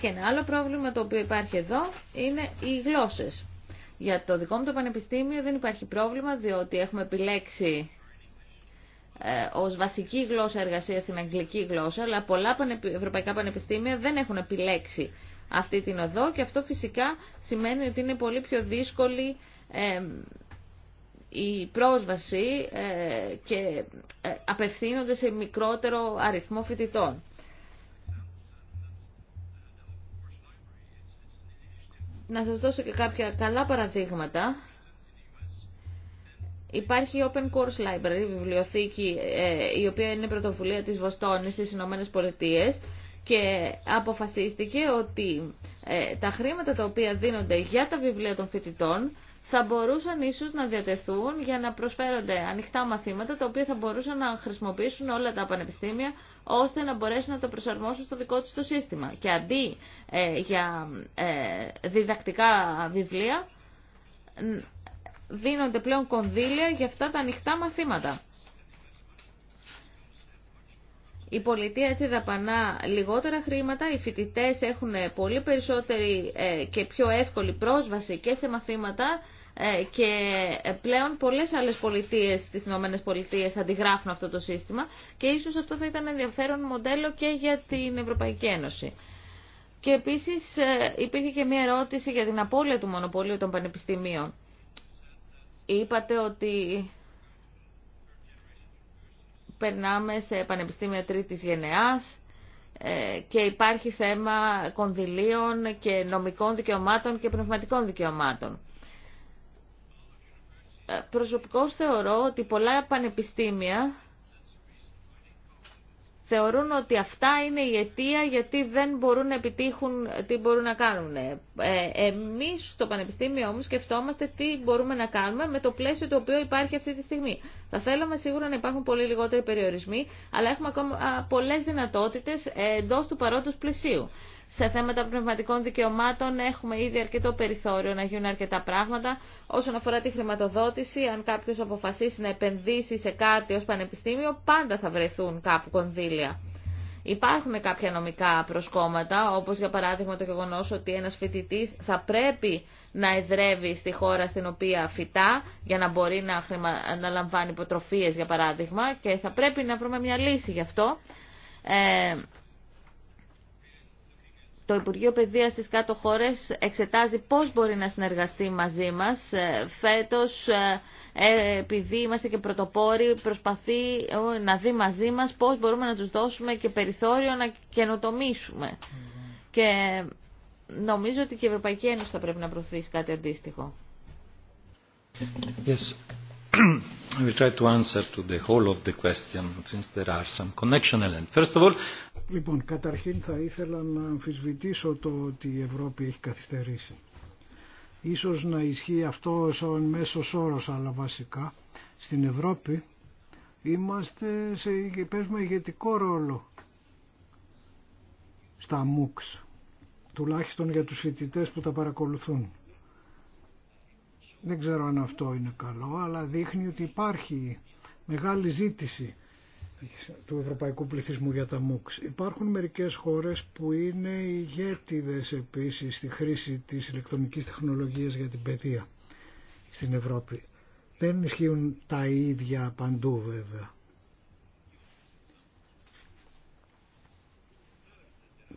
Και ένα άλλο πρόβλημα το οποίο υπάρχει εδώ είναι οι γλώσσες. Για το δικό μου το πανεπιστήμιο δεν υπάρχει πρόβλημα διότι έχουμε επιλέξει ε, ως βασική γλώσσα εργασίας στην αγγλική γλώσσα, αλλά πολλά ευρωπαϊκά πανεπιστήμια δεν έχουν επιλέξει αυτή την οδό και αυτό φυσικά σημαίνει ότι είναι πολύ πιο δύσκολη η πρόσβαση ε, και ε, απευθύνονται σε μικρότερο αριθμό φοιτητών. Να σας δώσω και κάποια καλά παραδείγματα Υπάρχει η Open Course Library, η βιβλιοθήκη ε, η οποία είναι πρωτοβουλία της Βοστόνης στις Ηνωμένες Πολιτείες και αποφασίστηκε ότι ε, τα χρήματα τα οποία δίνονται για τα βιβλία των φοιτητών θα μπορούσαν ίσως να διατεθούν για να προσφέρονται ανοιχτά μαθήματα τα οποία θα μπορούσαν να χρησιμοποιήσουν όλα τα πανεπιστήμια ώστε να μπορέσουν να τα προσαρμόσουν στο δικό τους το σύστημα. Και αντί ε, για διδακτικά βιβλία δίνονται πλέον κονδύλια για αυτά τα ανοιχτά μαθήματα. Η πολιτεία έτσι δαπανά λιγότερα χρήματα, οι φοιτητές έχουν πολύ περισσότερη ε, και πιο εύκολη πρόσβαση και σε μαθήματα ε, και ε, πλέον πολλές άλλες πολιτείες στις Ηνωμένες Πολιτείες αντιγράφουν αυτό το σύστημα και ίσως αυτό θα ήταν ενδιαφέρον μοντέλο και για την Ευρωπαϊκή Ένωση. Και επίσης υπήρχε και μια ερώτηση για την απώλεια του μονοπωλίου των πανεπιστημίων. Είπατε ότι περνάμε σε πανεπιστήμια τρίτης γενεάς ε, και υπάρχει θέμα κονδυλίων και νομικών δικαιωμάτων και πνευματικών δικαιωμάτων. Ε, προσωπικώς θεωρώ ότι πολλά πανεπιστήμια θεωρούν ότι αυτά είναι η αιτία γιατί δεν μπορούν να επιτύχουν τι μπορούν να κάνουν. Ε, εμείς στο Πανεπιστήμιο όμως σκεφτόμαστε τι μπορούμε να κάνουμε με το πλαίσιο το οποίο υπάρχει αυτή τη στιγμή. Θα θέλαμε σίγουρα να υπάρχουν πολύ λιγότεροι περιορισμοί, αλλά έχουμε ακόμα πολλές δυνατότητες εντός του παρόντος πλαισίου. Σε θέματα πνευματικών δικαιωμάτων έχουμε ήδη αρκετό περιθώριο να γίνουν αρκετά πράγματα. Όσον αφορά τη χρηματοδότηση, αν κάποιο αποφασίσει να επενδύσει σε κάτι ω πανεπιστήμιο, πάντα θα βρεθούν κάπου κονδύλια. Υπάρχουν κάποια νομικά προσκόμματα, όπως για παράδειγμα το γεγονός ότι ένας φοιτητής θα πρέπει να εδρεύει στη χώρα στην οποία φυτά για να μπορεί να, χρημα... λαμβάνει υποτροφίες για παράδειγμα και θα πρέπει να βρούμε μια λύση γι' αυτό. Ε, το Υπουργείο Παιδείας στις κάτω χώρες εξετάζει πώς μπορεί να συνεργαστεί μαζί μας. Ε, φέτος, ε, ε, επειδή είμαστε και πρωτοπόροι, προσπαθεί να δει μαζί μας πώς μπορούμε να τους δώσουμε και περιθώριο να καινοτομήσουμε. Mm-hmm. Και νομίζω ότι και η Ευρωπαϊκή Ένωση θα πρέπει να προωθήσει κάτι αντίστοιχο. Yes. I try to answer to the whole of the question since there are some First of all, Λοιπόν, καταρχήν θα ήθελα να αμφισβητήσω το ότι η Ευρώπη έχει καθυστερήσει. Ίσως να ισχύει αυτό σαν μέσο όρο, αλλά βασικά στην Ευρώπη είμαστε σε παίζουμε ηγετικό ρόλο στα MOOCs, τουλάχιστον για τους φοιτητέ που τα παρακολουθούν. Δεν ξέρω αν αυτό είναι καλό, αλλά δείχνει ότι υπάρχει μεγάλη ζήτηση του ευρωπαϊκού πληθυσμού για τα MOOCs. Υπάρχουν μερικές χώρες που είναι ηγέτιδες επίσης στη χρήση της ηλεκτρονικής τεχνολογίας για την παιδεία στην Ευρώπη. Δεν ισχύουν τα ίδια παντού βέβαια.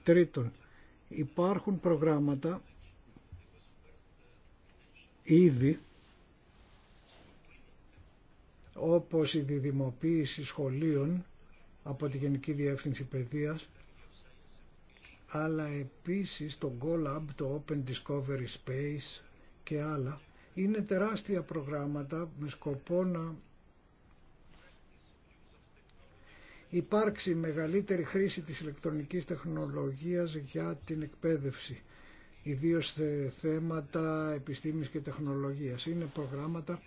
Τρίτον, υπάρχουν προγράμματα ήδη όπως η διδημοποίηση σχολείων από τη Γενική Διεύθυνση Παιδείας αλλά επίσης το GoLab, το Open Discovery Space και άλλα είναι τεράστια προγράμματα με σκοπό να υπάρξει μεγαλύτερη χρήση της ηλεκτρονικής τεχνολογίας για την εκπαίδευση ιδίως θέματα επιστήμης και τεχνολογίας. Είναι προγράμματα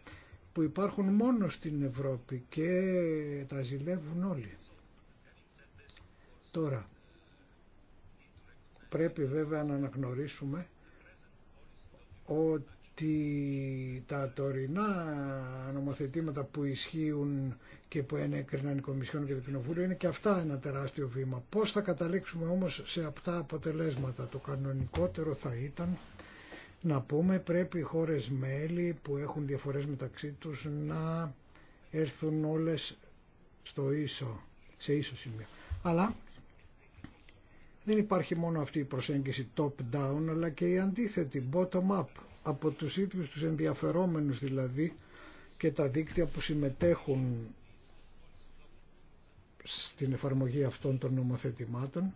που υπάρχουν μόνο στην Ευρώπη και τα ζηλεύουν όλοι. Τώρα, πρέπει βέβαια να αναγνωρίσουμε ότι τα τωρινά νομοθετήματα που ισχύουν και που ενέκριναν η Κομισιόν και το Κοινοβούλιο είναι και αυτά ένα τεράστιο βήμα. Πώς θα καταλήξουμε όμως σε αυτά αποτελέσματα. Το κανονικότερο θα ήταν να πούμε πρέπει οι χώρες μέλη που έχουν διαφορές μεταξύ τους να έρθουν όλες στο ίσο, σε ίσο σημείο. Αλλά δεν υπάρχει μόνο αυτή η προσέγγιση top-down αλλά και η αντίθετη bottom-up από τους ίδιους τους ενδιαφερόμενους δηλαδή και τα δίκτυα που συμμετέχουν στην εφαρμογή αυτών των νομοθετημάτων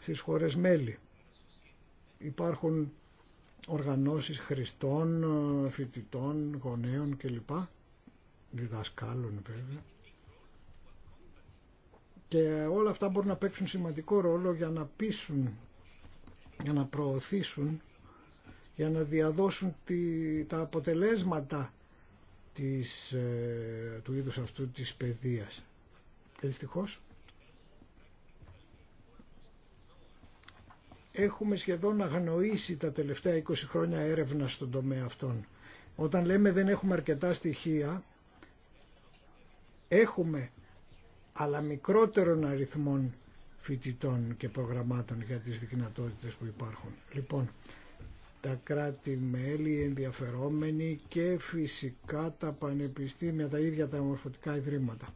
στις χώρες μέλη. Υπάρχουν οργανώσεις χριστών, φοιτητών, γονέων κλπ. Διδασκάλων βέβαια. Και όλα αυτά μπορούν να παίξουν σημαντικό ρόλο για να πείσουν, για να προωθήσουν, για να διαδώσουν τα αποτελέσματα της, ε, του είδους αυτού της παιδείας. Και έχουμε σχεδόν αγνοήσει τα τελευταία 20 χρόνια έρευνα στον τομέα αυτών. Όταν λέμε δεν έχουμε αρκετά στοιχεία, έχουμε αλλά μικρότερων αριθμών φοιτητών και προγραμμάτων για τις δυνατότητες που υπάρχουν. Λοιπόν, τα κράτη-μέλη ενδιαφερόμενοι και φυσικά τα πανεπιστήμια, τα ίδια τα μορφωτικά ιδρύματα.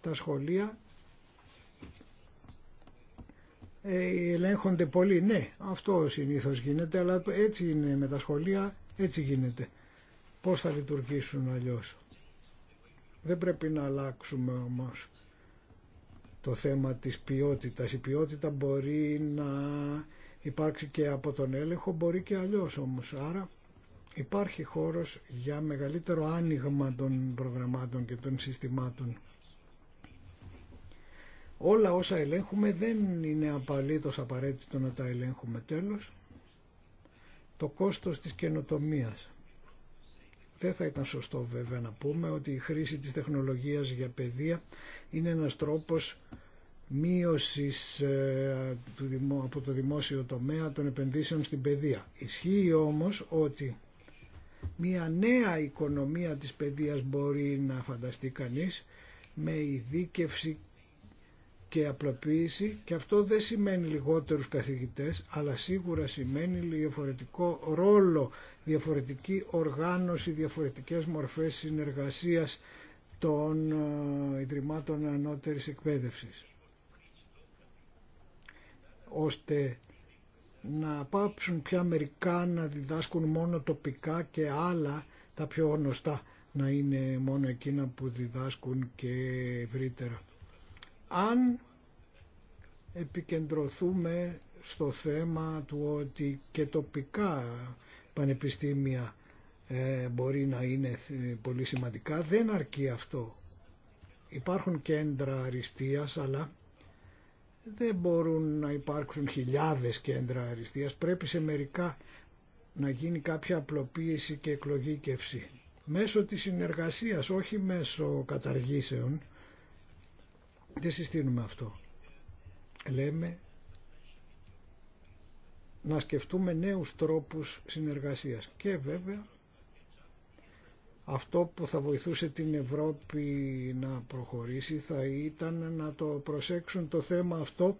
Τα σχολεία ε, ελέγχονται πολύ. Ναι, αυτό συνήθως γίνεται, αλλά έτσι είναι με τα σχολεία, έτσι γίνεται. Πώς θα λειτουργήσουν αλλιώς. Δεν πρέπει να αλλάξουμε όμως το θέμα της ποιότητας. Η ποιότητα μπορεί να υπάρξει και από τον έλεγχο, μπορεί και αλλιώς όμως. Άρα υπάρχει χώρος για μεγαλύτερο άνοιγμα των προγραμμάτων και των συστημάτων όλα όσα ελέγχουμε δεν είναι απαλήτως απαραίτητο να τα ελέγχουμε τέλος. Το κόστος της καινοτομίας. Δεν θα ήταν σωστό βέβαια να πούμε ότι η χρήση της τεχνολογίας για παιδεία είναι ένας τρόπος μείωσης ε, από το δημόσιο τομέα των επενδύσεων στην παιδεία. Ισχύει όμως ότι μια νέα οικονομία της παιδείας μπορεί να φανταστεί κανείς με ειδίκευση και απλοποίηση και αυτό δεν σημαίνει λιγότερους καθηγητές αλλά σίγουρα σημαίνει διαφορετικό ρόλο, διαφορετική οργάνωση, διαφορετικές μορφές συνεργασίας των ε, Ιδρυμάτων Ανώτερης Εκπαίδευσης ώστε να πάψουν πια μερικά να διδάσκουν μόνο τοπικά και άλλα τα πιο γνωστά να είναι μόνο εκείνα που διδάσκουν και ευρύτερα αν επικεντρωθούμε στο θέμα του ότι και τοπικά πανεπιστήμια ε, μπορεί να είναι ε, πολύ σημαντικά. Δεν αρκεί αυτό. Υπάρχουν κέντρα αριστείας, αλλά δεν μπορούν να υπάρξουν χιλιάδες κέντρα αριστείας. Πρέπει σε μερικά να γίνει κάποια απλοποίηση και εκλογήκευση. Μέσω της συνεργασίας, όχι μέσω καταργήσεων, δεν συστήνουμε αυτό. Λέμε να σκεφτούμε νέους τρόπους συνεργασίας και βέβαια αυτό που θα βοηθούσε την Ευρώπη να προχωρήσει θα ήταν να το προσέξουν το θέμα αυτό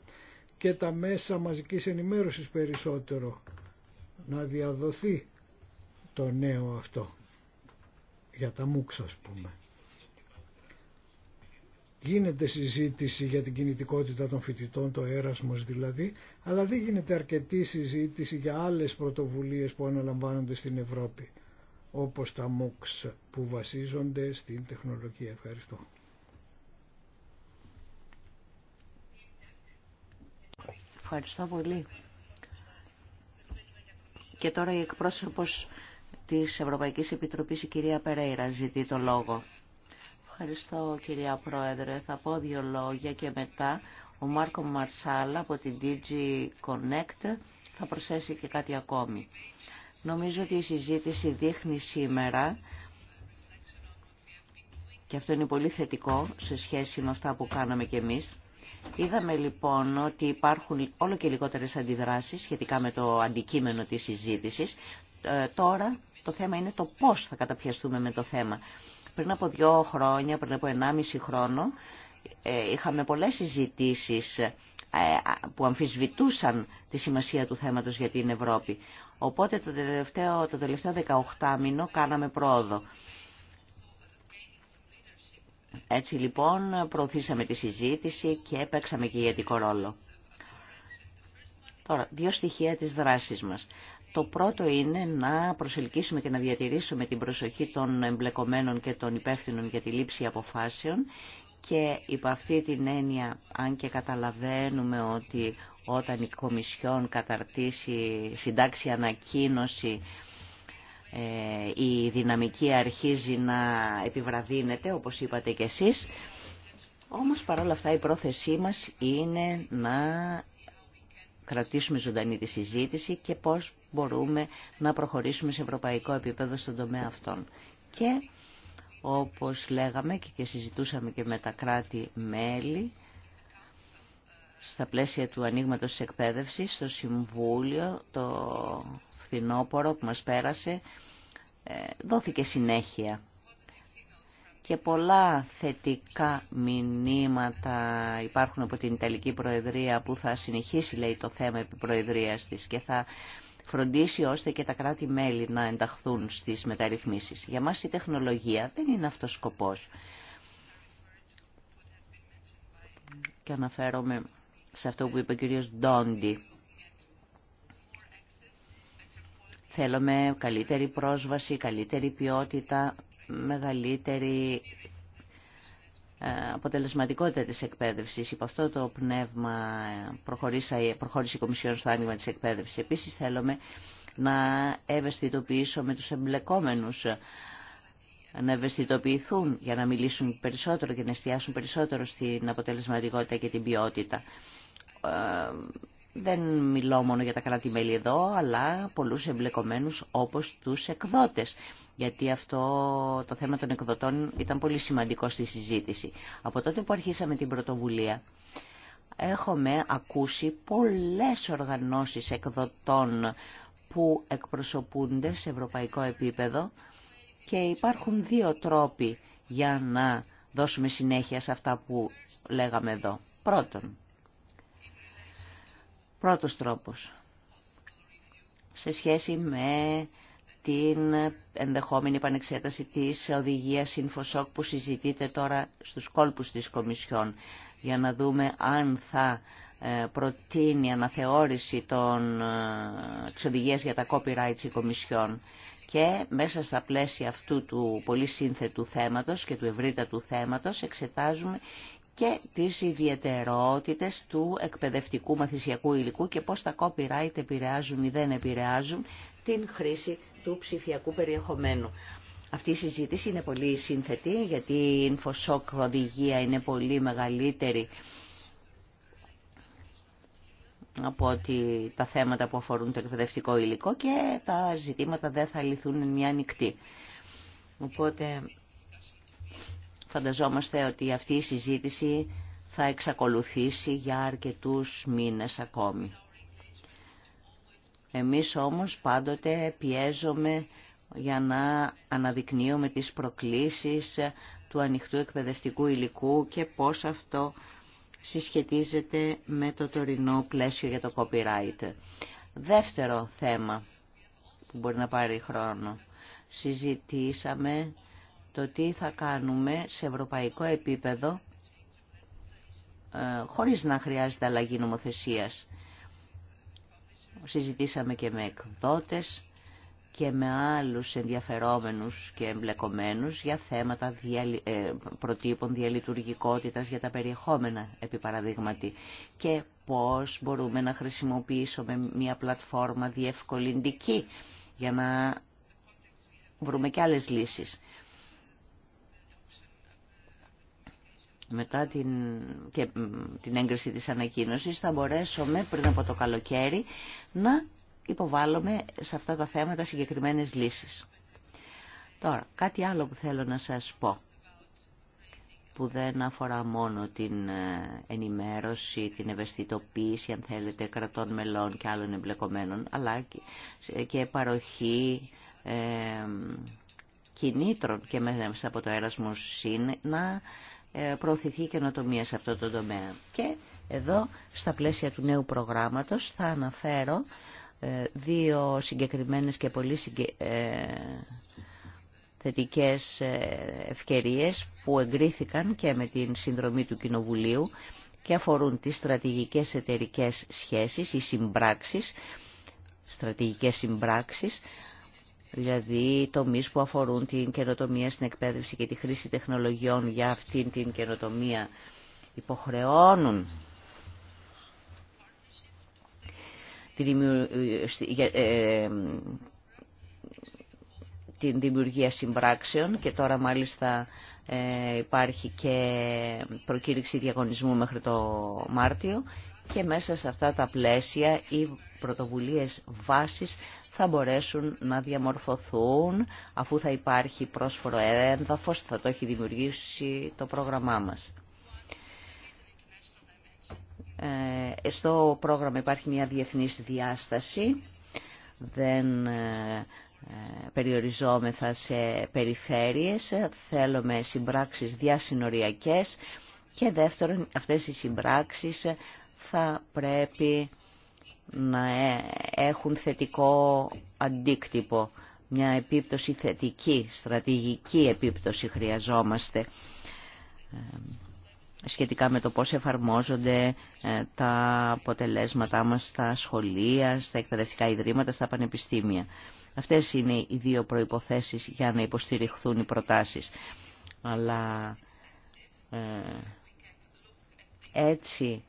και τα μέσα μαζικής ενημέρωσης περισσότερο να διαδοθεί το νέο αυτό για τα μουξ ας πούμε. Γίνεται συζήτηση για την κινητικότητα των φοιτητών, το έρασμος δηλαδή, αλλά δεν γίνεται αρκετή συζήτηση για άλλες πρωτοβουλίες που αναλαμβάνονται στην Ευρώπη, όπως τα MOOCs που βασίζονται στην τεχνολογία. Ευχαριστώ. Ευχαριστώ πολύ. Και τώρα η εκπρόσωπος της Ευρωπαϊκής Επιτροπής, η κυρία Περέιρα, ζητεί το λόγο. Ευχαριστώ κυρία Πρόεδρε. Θα πω δύο λόγια και μετά ο Μάρκο Μαρσάλα από την DG Connect θα προσθέσει και κάτι ακόμη. Νομίζω ότι η συζήτηση δείχνει σήμερα και αυτό είναι πολύ θετικό σε σχέση με αυτά που κάναμε και εμείς. Είδαμε λοιπόν ότι υπάρχουν όλο και λιγότερες αντιδράσεις σχετικά με το αντικείμενο της συζήτησης. Ε, τώρα το θέμα είναι το πώς θα καταπιαστούμε με το θέμα. Πριν από δύο χρόνια, πριν από ενάμιση χρόνο, ε, είχαμε πολλές συζητήσει ε, που αμφισβητούσαν τη σημασία του θέματος για την Ευρώπη. Οπότε το τελευταίο, το τελευταίο 18 μήνο κάναμε πρόοδο. Έτσι λοιπόν προωθήσαμε τη συζήτηση και παίξαμε και ηγετικό ρόλο. Τώρα, δύο στοιχεία της δράσης μας. Το πρώτο είναι να προσελκύσουμε και να διατηρήσουμε την προσοχή των εμπλεκομένων και των υπεύθυνων για τη λήψη αποφάσεων και υπό αυτή την έννοια, αν και καταλαβαίνουμε ότι όταν η Κομισιόν καταρτήσει συντάξει ανακοίνωση ε, η δυναμική αρχίζει να επιβραδύνεται, όπως είπατε κι εσείς. Όμως παρόλα αυτά η πρόθεσή μας είναι να κρατήσουμε ζωντανή τη συζήτηση και πώς μπορούμε να προχωρήσουμε σε ευρωπαϊκό επίπεδο στον τομέα αυτών. Και όπως λέγαμε και συζητούσαμε και με τα κράτη-μέλη, στα πλαίσια του ανοίγματο της εκπαίδευσης, στο Συμβούλιο, το φθινόπωρο που μας πέρασε, ε, δόθηκε συνέχεια και πολλά θετικά μηνύματα υπάρχουν από την Ιταλική Προεδρία που θα συνεχίσει λέει το θέμα επί Προεδρίας της και θα φροντίσει ώστε και τα κράτη-μέλη να ενταχθούν στις μεταρρυθμίσεις. Για μας η τεχνολογία δεν είναι αυτός σκοπός. Και αναφέρομαι σε αυτό που είπε ο κύριος Ντόντι. Θέλουμε καλύτερη πρόσβαση, καλύτερη ποιότητα, μεγαλύτερη ε, αποτελεσματικότητα της εκπαίδευσης. Υπό αυτό το πνεύμα ε, προχώρησε η Κομισιόν στο άνοιγμα της εκπαίδευσης. Επίσης θέλουμε να με τους εμπλεκόμενους να ευαισθητοποιηθούν για να μιλήσουν περισσότερο και να εστιάσουν περισσότερο στην αποτελεσματικότητα και την ποιότητα. Ε, δεν μιλώ μόνο για τα κράτη-μέλη εδώ, αλλά πολλούς εμπλεκομένους όπως τους εκδότες. Γιατί αυτό το θέμα των εκδοτών ήταν πολύ σημαντικό στη συζήτηση. Από τότε που αρχίσαμε την πρωτοβουλία, έχουμε ακούσει πολλές οργανώσεις εκδοτών που εκπροσωπούνται σε ευρωπαϊκό επίπεδο και υπάρχουν δύο τρόποι για να δώσουμε συνέχεια σε αυτά που λέγαμε εδώ. Πρώτον, Πρώτος τρόπος, σε σχέση με την ενδεχόμενη επανεξέταση της οδηγίας Infosoc που συζητείται τώρα στους κόλπους της Κομισιόν για να δούμε αν θα ε, προτείνει αναθεώρηση των, ε, της οδηγίας για τα copyrights η Κομισιόν και μέσα στα πλαίσια αυτού του πολύ σύνθετου θέματος και του ευρύτατου θέματος εξετάζουμε και τις ιδιαιτερότητες του εκπαιδευτικού μαθησιακού υλικού και πώς τα copyright επηρεάζουν ή δεν επηρεάζουν την χρήση του ψηφιακού περιεχομένου. Αυτή η συζήτηση είναι πολύ σύνθετη γιατί η shock οδηγία είναι πολύ μεγαλύτερη από ότι τα θέματα που αφορούν το εκπαιδευτικό υλικό και τα ζητήματα δεν θα λυθούν μια νυχτή. Οπότε Φανταζόμαστε ότι αυτή η συζήτηση θα εξακολουθήσει για αρκετούς μήνες ακόμη. Εμείς όμως πάντοτε πιέζομαι για να αναδεικνύουμε τις προκλήσεις του ανοιχτού εκπαιδευτικού υλικού και πώς αυτό συσχετίζεται με το τωρινό πλαίσιο για το copyright. Δεύτερο θέμα που μπορεί να πάρει χρόνο. Συζητήσαμε το τι θα κάνουμε σε ευρωπαϊκό επίπεδο ε, χωρίς να χρειάζεται αλλαγή νομοθεσίας. Συζητήσαμε και με εκδότες και με άλλους ενδιαφερόμενους και εμπλεκομένους για θέματα ε, προτύπων διαλειτουργικότητας για τα περιεχόμενα, επί παραδείγματι, και πώς μπορούμε να χρησιμοποιήσουμε μια πλατφόρμα διευκολυντική για να βρούμε και άλλες λύσεις. μετά την, και, την έγκριση της ανακοίνωσης θα μπορέσουμε πριν από το καλοκαίρι να υποβάλλουμε σε αυτά τα θέματα συγκεκριμένες λύσεις. Τώρα, κάτι άλλο που θέλω να σας πω που δεν αφορά μόνο την ε, ενημέρωση, την ευαισθητοποίηση, αν θέλετε, κρατών μελών και άλλων εμπλεκομένων, αλλά και ε, παροχή ε, κινήτρων και μέσα από το έρασμο ΣΥΝ να ε, προωθηθεί η καινοτομία σε αυτό το τομέα. Και εδώ, στα πλαίσια του νέου προγράμματος, θα αναφέρω ε, δύο συγκεκριμένες και πολύ συγκε... Ε, θετικές ευκαιρίες που εγκρίθηκαν και με την συνδρομή του Κοινοβουλίου και αφορούν τις στρατηγικές εταιρικές σχέσεις ή συμπράξεις, στρατηγικές συμπράξεις δηλαδή τομεί που αφορούν την καινοτομία στην εκπαίδευση και τη χρήση τεχνολογιών για αυτήν την καινοτομία υποχρεώνουν ε, την δημιουργία συμπράξεων και τώρα μάλιστα ε, υπάρχει και προκήρυξη διαγωνισμού μέχρι το Μάρτιο και μέσα σε αυτά τα πλαίσια οι πρωτοβουλίες βάσης θα μπορέσουν να διαμορφωθούν αφού θα υπάρχει πρόσφορο έδαφος, θα το έχει δημιουργήσει το πρόγραμμά μας. Ε, στο πρόγραμμα υπάρχει μια διεθνής διάσταση, δεν ε, ε, περιοριζόμεθα σε περιφέρειες, θέλουμε συμπράξεις διασυνοριακές και δεύτερον αυτές οι συμπράξεις θα πρέπει να ε, έχουν θετικό αντίκτυπο. Μια επίπτωση θετική, στρατηγική επίπτωση χρειαζόμαστε ε, σχετικά με το πώς εφαρμόζονται ε, τα αποτελέσματά μας στα σχολεία, στα εκπαιδευτικά ιδρύματα, στα πανεπιστήμια. Αυτές είναι οι δύο προϋποθέσεις για να υποστηριχθούν οι προτάσεις. Αλλά έτσι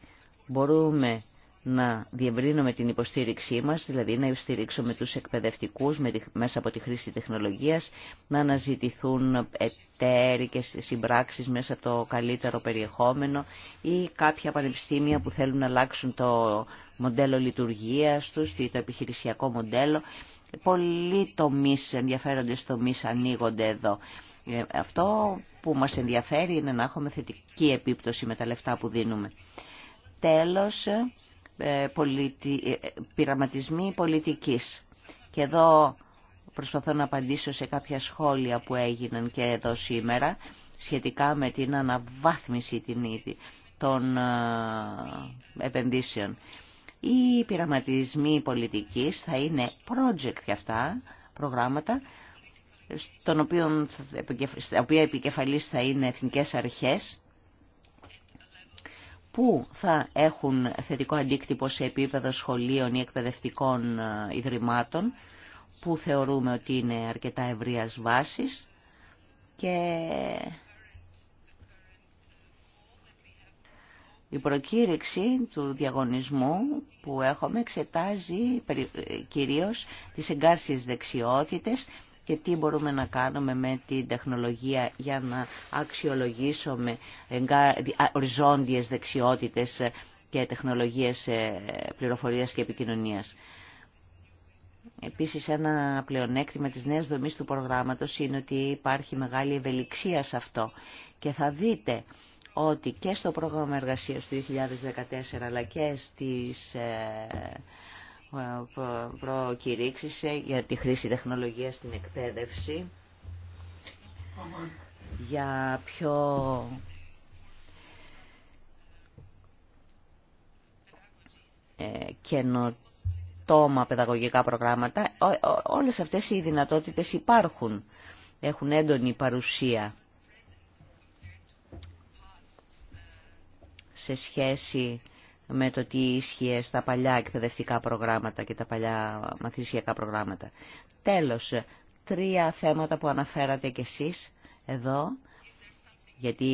μπορούμε να διευρύνουμε την υποστήριξή μας, δηλαδή να υποστηρίξουμε τους εκπαιδευτικούς μέσα από τη χρήση τεχνολογίας, να αναζητηθούν εταίρικες και συμπράξεις μέσα το καλύτερο περιεχόμενο ή κάποια πανεπιστήμια που θέλουν να αλλάξουν το μοντέλο λειτουργίας τους, το επιχειρησιακό μοντέλο. Πολλοί τομείς, ενδιαφέροντες τομείς ανοίγονται εδώ. Ε, αυτό που μας ενδιαφέρει είναι να έχουμε θετική επίπτωση με τα λεφτά που δίνουμε. Τέλος, ε, πολιτι... Ε, πειραματισμοί πολιτικής. Και εδώ προσπαθώ να απαντήσω σε κάποια σχόλια που έγιναν και εδώ σήμερα σχετικά με την αναβάθμιση των ε, επενδύσεων. Οι πειραματισμοί πολιτικής θα είναι project και αυτά, προγράμματα, στον οποίο, στα οποία επικεφαλής θα είναι εθνικές αρχές που θα έχουν θετικό αντίκτυπο σε επίπεδο σχολείων ή εκπαιδευτικών ε, ιδρυμάτων, που θεωρούμε ότι είναι αρκετά ευρείας βάσης και η προκήρυξη του διαγωνισμού που έχουμε εξετάζει ε, κυρίως τις εγκάρσιες δεξιότητες και τι μπορούμε να κάνουμε με την τεχνολογία για να αξιολογήσουμε οριζόντιες δεξιότητες και τεχνολογίες ε, πληροφορίας και επικοινωνίας. Επίσης ένα πλεονέκτημα της νέας δομής του προγράμματος είναι ότι υπάρχει μεγάλη ευελιξία σε αυτό και θα δείτε ότι και στο πρόγραμμα εργασίας του 2014 αλλά και στις ε, προκηρύξησε για τη χρήση τεχνολογίας στην εκπαίδευση για πιο ε, καινοτόμα παιδαγωγικά προγράμματα. Όλες αυτές οι δυνατότητες υπάρχουν, έχουν έντονη παρουσία σε σχέση με το τι ίσχυε στα παλιά εκπαιδευτικά προγράμματα και τα παλιά μαθησιακά προγράμματα. Τέλος, τρία θέματα που αναφέρατε κι εσείς εδώ, γιατί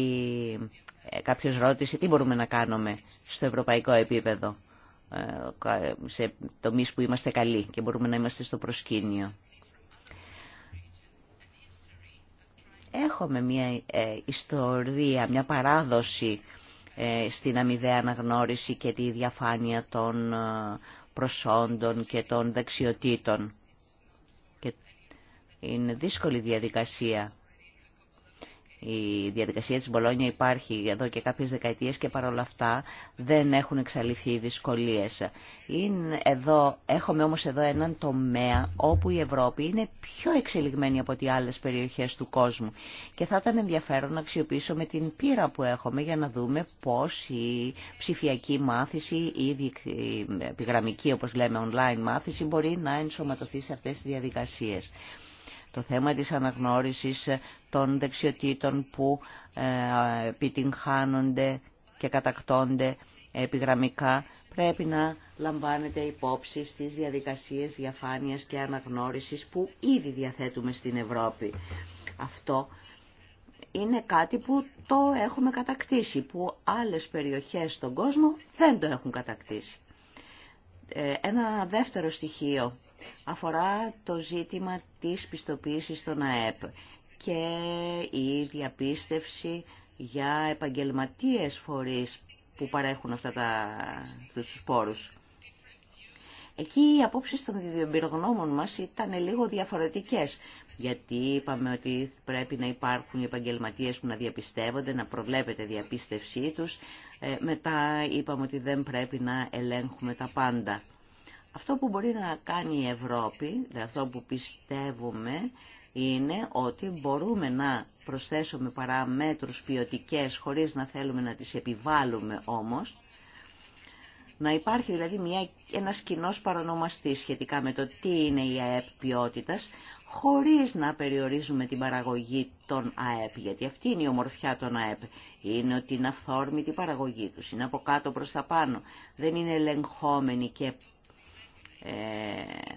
ε, κάποιος ρώτησε τι μπορούμε να κάνουμε στο ευρωπαϊκό επίπεδο, ε, σε τομείς που είμαστε καλοί και μπορούμε να είμαστε στο προσκήνιο. Έχουμε μια ε, ιστορία, μια παράδοση ε, στην αμοιβαία αναγνώριση και τη διαφάνεια των ε, προσόντων και των δεξιοτήτων. είναι δύσκολη διαδικασία η διαδικασία της Μπολόνια υπάρχει εδώ και κάποιες δεκαετίες και παρόλα αυτά δεν έχουν εξαλειφθεί οι δυσκολίες. Είναι εδώ, έχουμε όμως εδώ έναν τομέα όπου η Ευρώπη είναι πιο εξελιγμένη από τι άλλες περιοχές του κόσμου και θα ήταν ενδιαφέρον να αξιοποιήσουμε την πείρα που έχουμε για να δούμε πώς η ψηφιακή μάθηση ή η επιγραμμική όπως λέμε online μάθηση μπορεί να ενσωματωθεί σε αυτές τις διαδικασίες το θέμα της αναγνώρισης ε, των δεξιοτήτων που ε, επιτυγχάνονται και κατακτώνται επιγραμμικά πρέπει να λαμβάνεται υπόψη στις διαδικασίες διαφάνειας και αναγνώρισης που ήδη διαθέτουμε στην Ευρώπη. Αυτό είναι κάτι που το έχουμε κατακτήσει, που άλλες περιοχές στον κόσμο δεν το έχουν κατακτήσει. Ε, ένα δεύτερο στοιχείο αφορά το ζήτημα της πιστοποίησης των ΑΕΠ και η διαπίστευση για επαγγελματίες φορείς που παρέχουν αυτά τα, τους σπόρους. Εκεί οι απόψεις των διεμπειρογνώμων μας ήταν λίγο διαφορετικές, γιατί είπαμε ότι πρέπει να υπάρχουν οι επαγγελματίες που να διαπιστεύονται, να προβλέπεται διαπίστευσή τους. Ε, μετά είπαμε ότι δεν πρέπει να ελέγχουμε τα πάντα. Αυτό που μπορεί να κάνει η Ευρώπη, δηλαδή αυτό που πιστεύουμε, είναι ότι μπορούμε να προσθέσουμε παραμέτρους ποιοτικέ χωρίς να θέλουμε να τις επιβάλλουμε όμως, να υπάρχει δηλαδή μια, ένας κοινό παρονομαστή σχετικά με το τι είναι η ΑΕΠ ποιότητα, χωρίς να περιορίζουμε την παραγωγή των ΑΕΠ, γιατί αυτή είναι η ομορφιά των ΑΕΠ. Είναι ότι είναι αυθόρμητη η παραγωγή τους, είναι από κάτω προς τα πάνω, δεν είναι ελεγχόμενη και ε,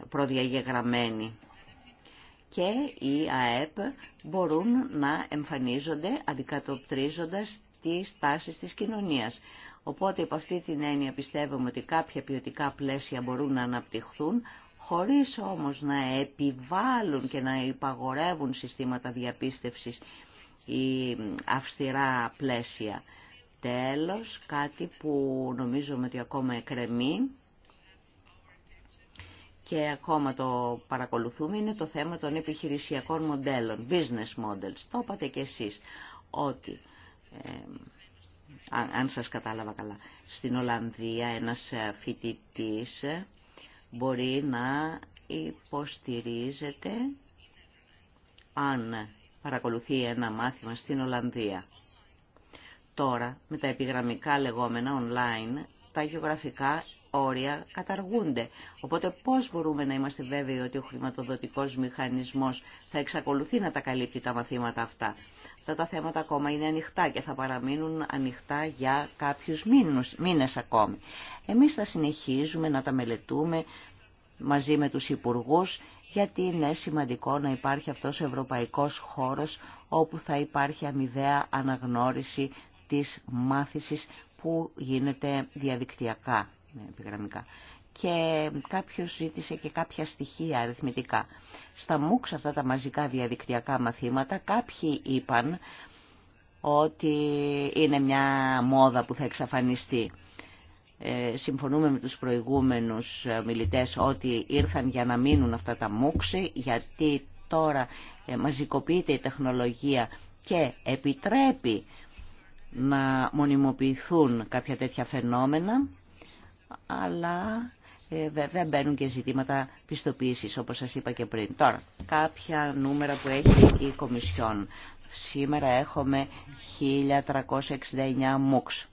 προδιαγεγραμμένοι και οι ΑΕΠ μπορούν να εμφανίζονται αντικατοπτρίζοντας τις τάσεις της κοινωνίας. Οπότε από αυτή την έννοια πιστεύουμε ότι κάποια ποιοτικά πλαίσια μπορούν να αναπτυχθούν χωρίς όμως να επιβάλλουν και να υπαγορεύουν συστήματα διαπίστευσης ή αυστηρά πλαίσια. Τέλος, κάτι που νομίζουμε ότι ακόμα εκρεμεί και ακόμα το παρακολουθούμε είναι το θέμα των επιχειρησιακών μοντέλων, business models. Το είπατε και εσείς ότι, αν σας κατάλαβα καλά, στην Ολλανδία ένας ε, φοιτητής ε, μπορεί να υποστηρίζεται αν παρακολουθεί ένα μάθημα στην Ολλανδία. Τώρα, με τα επιγραμμικά λεγόμενα online, τα γεωγραφικά όρια καταργούνται. Οπότε πώς μπορούμε να είμαστε βέβαιοι ότι ο χρηματοδοτικός μηχανισμός θα εξακολουθεί να τα καλύπτει τα μαθήματα αυτά. Αυτά τα θέματα ακόμα είναι ανοιχτά και θα παραμείνουν ανοιχτά για κάποιους μήνους, μήνες ακόμη. Εμείς θα συνεχίζουμε να τα μελετούμε μαζί με τους υπουργούς γιατί είναι σημαντικό να υπάρχει αυτός ο ευρωπαϊκός χώρος όπου θα υπάρχει αμοιβαία αναγνώριση της μάθησης που γίνεται διαδικτυακά. Και κάποιος ζήτησε και κάποια στοιχεία αριθμητικά. Στα MOOCs αυτά τα μαζικά διαδικτυακά μαθήματα κάποιοι είπαν ότι είναι μια μόδα που θα εξαφανιστεί. Ε, συμφωνούμε με τους προηγούμενους μιλητές ότι ήρθαν για να μείνουν αυτά τα MOOCs γιατί τώρα ε, μαζικοποιείται η τεχνολογία και επιτρέπει να μονιμοποιηθούν κάποια τέτοια φαινόμενα αλλά ε, βέβαια μπαίνουν και ζητήματα πιστοποίησης όπως σας είπα και πριν. Τώρα, κάποια νούμερα που έχει η Κομισιόν. Σήμερα έχουμε 1.369 μουξ.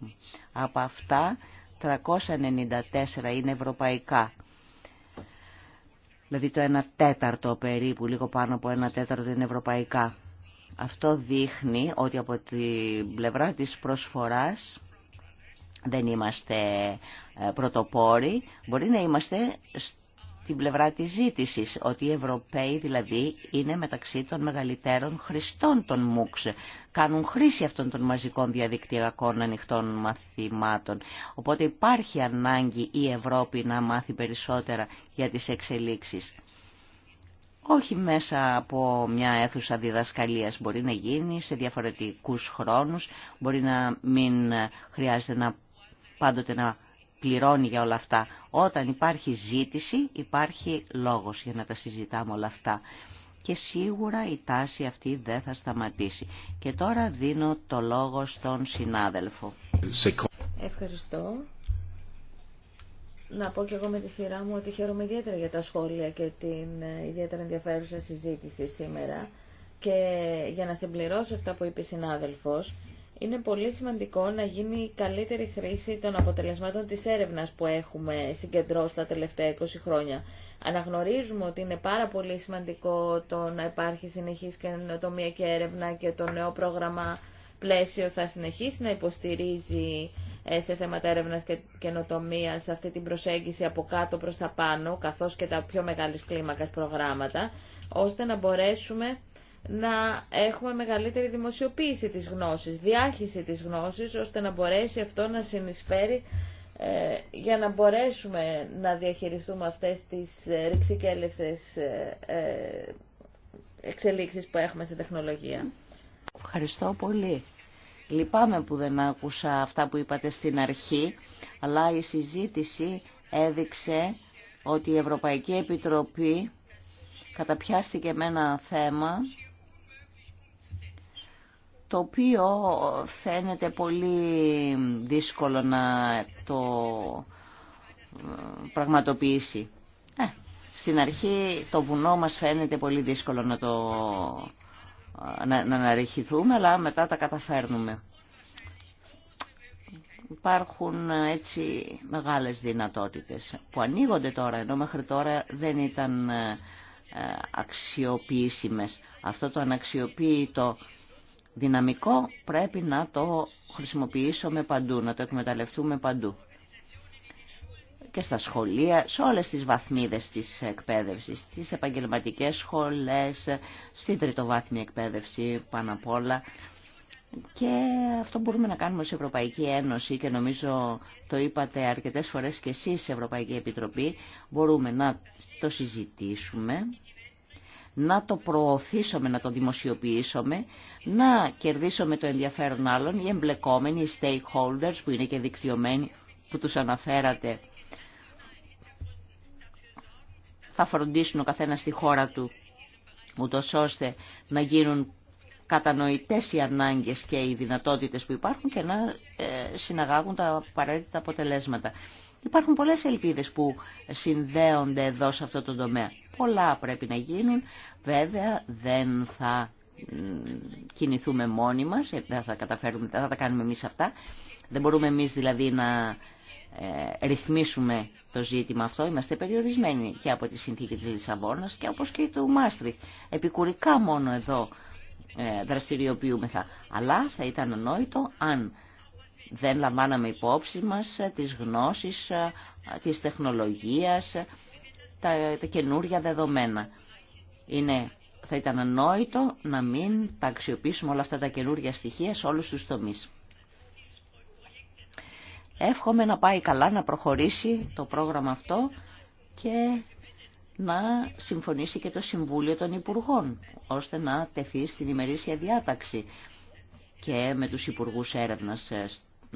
Από αυτά 394 είναι ευρωπαϊκά. Δηλαδή το 1 τέταρτο περίπου, λίγο πάνω από 1 τέταρτο είναι ευρωπαϊκά. Αυτό δείχνει ότι από την πλευρά της προσφοράς δεν είμαστε ε, πρωτοπόροι, μπορεί να είμαστε στην πλευρά της ζήτησης, ότι οι Ευρωπαίοι δηλαδή είναι μεταξύ των μεγαλύτερων χρηστών των ΜΟΚΣ. Κάνουν χρήση αυτών των μαζικών διαδικτυακών ανοιχτών μαθημάτων. Οπότε υπάρχει ανάγκη η Ευρώπη να μάθει περισσότερα για τις εξελίξεις. Όχι μέσα από μια αίθουσα διδασκαλίας μπορεί να γίνει σε διαφορετικούς χρόνους, μπορεί να μην χρειάζεται να πάντοτε να πληρώνει για όλα αυτά. Όταν υπάρχει ζήτηση υπάρχει λόγος για να τα συζητάμε όλα αυτά. Και σίγουρα η τάση αυτή δεν θα σταματήσει. Και τώρα δίνω το λόγο στον συνάδελφο. Ευχαριστώ. Να πω και εγώ με τη σειρά μου ότι χαίρομαι ιδιαίτερα για τα σχόλια και την ε, ιδιαίτερα ενδιαφέρουσα συζήτηση σήμερα. Και για να συμπληρώσω αυτά που είπε η συνάδελφος, είναι πολύ σημαντικό να γίνει καλύτερη χρήση των αποτελεσμάτων της έρευνας που έχουμε συγκεντρώσει τα τελευταία 20 χρόνια. Αναγνωρίζουμε ότι είναι πάρα πολύ σημαντικό το να υπάρχει συνεχής καινοτομία και έρευνα και το νέο πρόγραμμα πλαίσιο θα συνεχίσει να υποστηρίζει ε, σε θέματα έρευνας και καινοτομίας αυτή την προσέγγιση από κάτω προς τα πάνω, καθώς και τα πιο μεγάλη κλίμακας προγράμματα, ώστε να μπορέσουμε να έχουμε μεγαλύτερη δημοσιοποίηση της γνώσης, διάχυση της γνώσης, ώστε να μπορέσει αυτό να συνεισφέρει ε, για να μπορέσουμε να διαχειριστούμε αυτές τις ε, ρηξικέλευτες ε, ε, εξελίξεις που έχουμε στην τεχνολογία. Ευχαριστώ πολύ. Λυπάμαι που δεν άκουσα αυτά που είπατε στην αρχή, αλλά η συζήτηση έδειξε ότι η Ευρωπαϊκή Επιτροπή καταπιάστηκε με ένα θέμα το οποίο φαίνεται πολύ δύσκολο να το ε, πραγματοποιήσει. Ε, στην αρχή το βουνό μας φαίνεται πολύ δύσκολο να το ε, να, να αναρριχηθούμε, αλλά μετά τα καταφέρνουμε. Υπάρχουν έτσι μεγάλες δυνατότητες που ανοίγονται τώρα, ενώ μέχρι τώρα δεν ήταν αξιοποιήσιμες. Αυτό το αναξιοποίητο δυναμικό πρέπει να το χρησιμοποιήσουμε παντού, να το εκμεταλλευτούμε παντού. Και στα σχολεία, σε όλες τις βαθμίδες της εκπαίδευσης, στις επαγγελματικές σχολές, στην τριτοβάθμια εκπαίδευση πάνω απ' όλα. Και αυτό μπορούμε να κάνουμε ως Ευρωπαϊκή Ένωση και νομίζω το είπατε αρκετές φορές και εσείς Ευρωπαϊκή Επιτροπή, μπορούμε να το συζητήσουμε να το προωθήσουμε, να το δημοσιοποιήσουμε, να κερδίσουμε το ενδιαφέρον άλλων, οι εμπλεκόμενοι, οι stakeholders που είναι και δικτυωμένοι, που τους αναφέρατε, θα φροντίσουν ο καθένας στη χώρα του, ούτω ώστε να γίνουν κατανοητές οι ανάγκες και οι δυνατότητες που υπάρχουν και να ε, συναγάγουν τα απαραίτητα αποτελέσματα. Υπάρχουν πολλές ελπίδες που συνδέονται εδώ σε αυτό το τομέα. Πολλά πρέπει να γίνουν. Βέβαια δεν θα κινηθούμε μόνοι μας, ε, δεν θα, καταφέρουμε, θα τα κάνουμε εμείς αυτά. Δεν μπορούμε εμείς δηλαδή να ε, ρυθμίσουμε το ζήτημα αυτό. Είμαστε περιορισμένοι και από τη συνθήκη της Λισαβόνας και όπως και του Μάστριχ. Επικουρικά μόνο εδώ ε, δραστηριοποιούμεθα. Αλλά θα ήταν ανόητο αν δεν λαμβάναμε υπόψη μας τις γνώσεις της τεχνολογίας, τα, τα καινούργια δεδομένα. Είναι, θα ήταν ανόητο να μην τα αξιοποιήσουμε όλα αυτά τα καινούργια στοιχεία σε όλους τους τομείς. Εύχομαι να πάει καλά, να προχωρήσει το πρόγραμμα αυτό και να συμφωνήσει και το Συμβούλιο των Υπουργών, ώστε να τεθεί στην ημερήσια διάταξη και με τους Υπουργούς Έρευνας ε,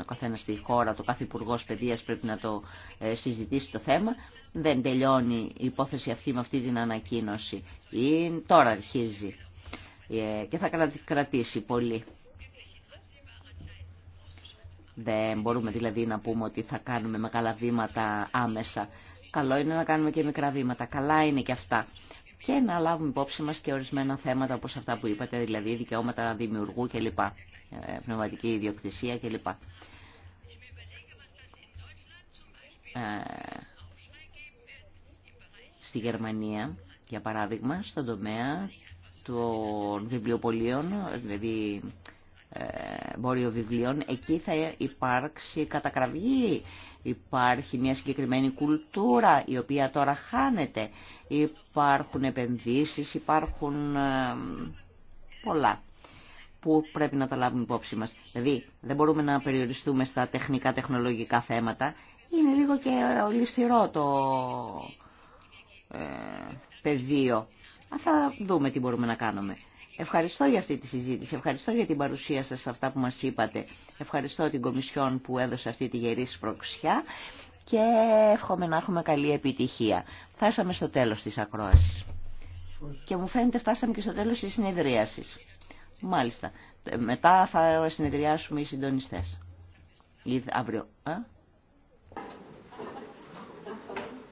ο καθένα στη χώρα, το κάθε υπουργό παιδεία πρέπει να το ε, συζητήσει το θέμα. Δεν τελειώνει η υπόθεση αυτή με αυτή την ανακοίνωση. Ή τώρα αρχίζει ε, και θα κρατήσει πολύ. Δεν μπορούμε δηλαδή να πούμε ότι θα κάνουμε μεγάλα βήματα άμεσα. Καλό είναι να κάνουμε και μικρά βήματα. Καλά είναι και αυτά και να λάβουμε υπόψη μας και ορισμένα θέματα όπως αυτά που είπατε, δηλαδή δικαιώματα δημιουργού κλπ, ε, πνευματική ιδιοκτησία κλπ. Ε, στη Γερμανία, για παράδειγμα, στον τομέα των βιβλιοπολίων, δηλαδή εμπόριο βιβλίων, εκεί θα υπάρξει κατακραυγή. Υπάρχει μια συγκεκριμένη κουλτούρα η οποία τώρα χάνεται. Υπάρχουν επενδύσεις, υπάρχουν ε, πολλά που πρέπει να τα λάβουμε υπόψη μας. Δηλαδή δεν μπορούμε να περιοριστούμε στα τεχνικά τεχνολογικά θέματα. Είναι λίγο και ολισθηρό το ε, πεδίο. Θα δούμε τι μπορούμε να κάνουμε. Ευχαριστώ για αυτή τη συζήτηση, ευχαριστώ για την παρουσία σας σε αυτά που μας είπατε. Ευχαριστώ την Κομισιόν που έδωσε αυτή τη γερή σπροξιά και εύχομαι να έχουμε καλή επιτυχία. Φτάσαμε στο τέλος της ακρόασης. Και μου φαίνεται φτάσαμε και στο τέλος της συνεδρίασης. Μάλιστα. Μετά θα συνεδριάσουμε οι συντονιστές. Αύριο.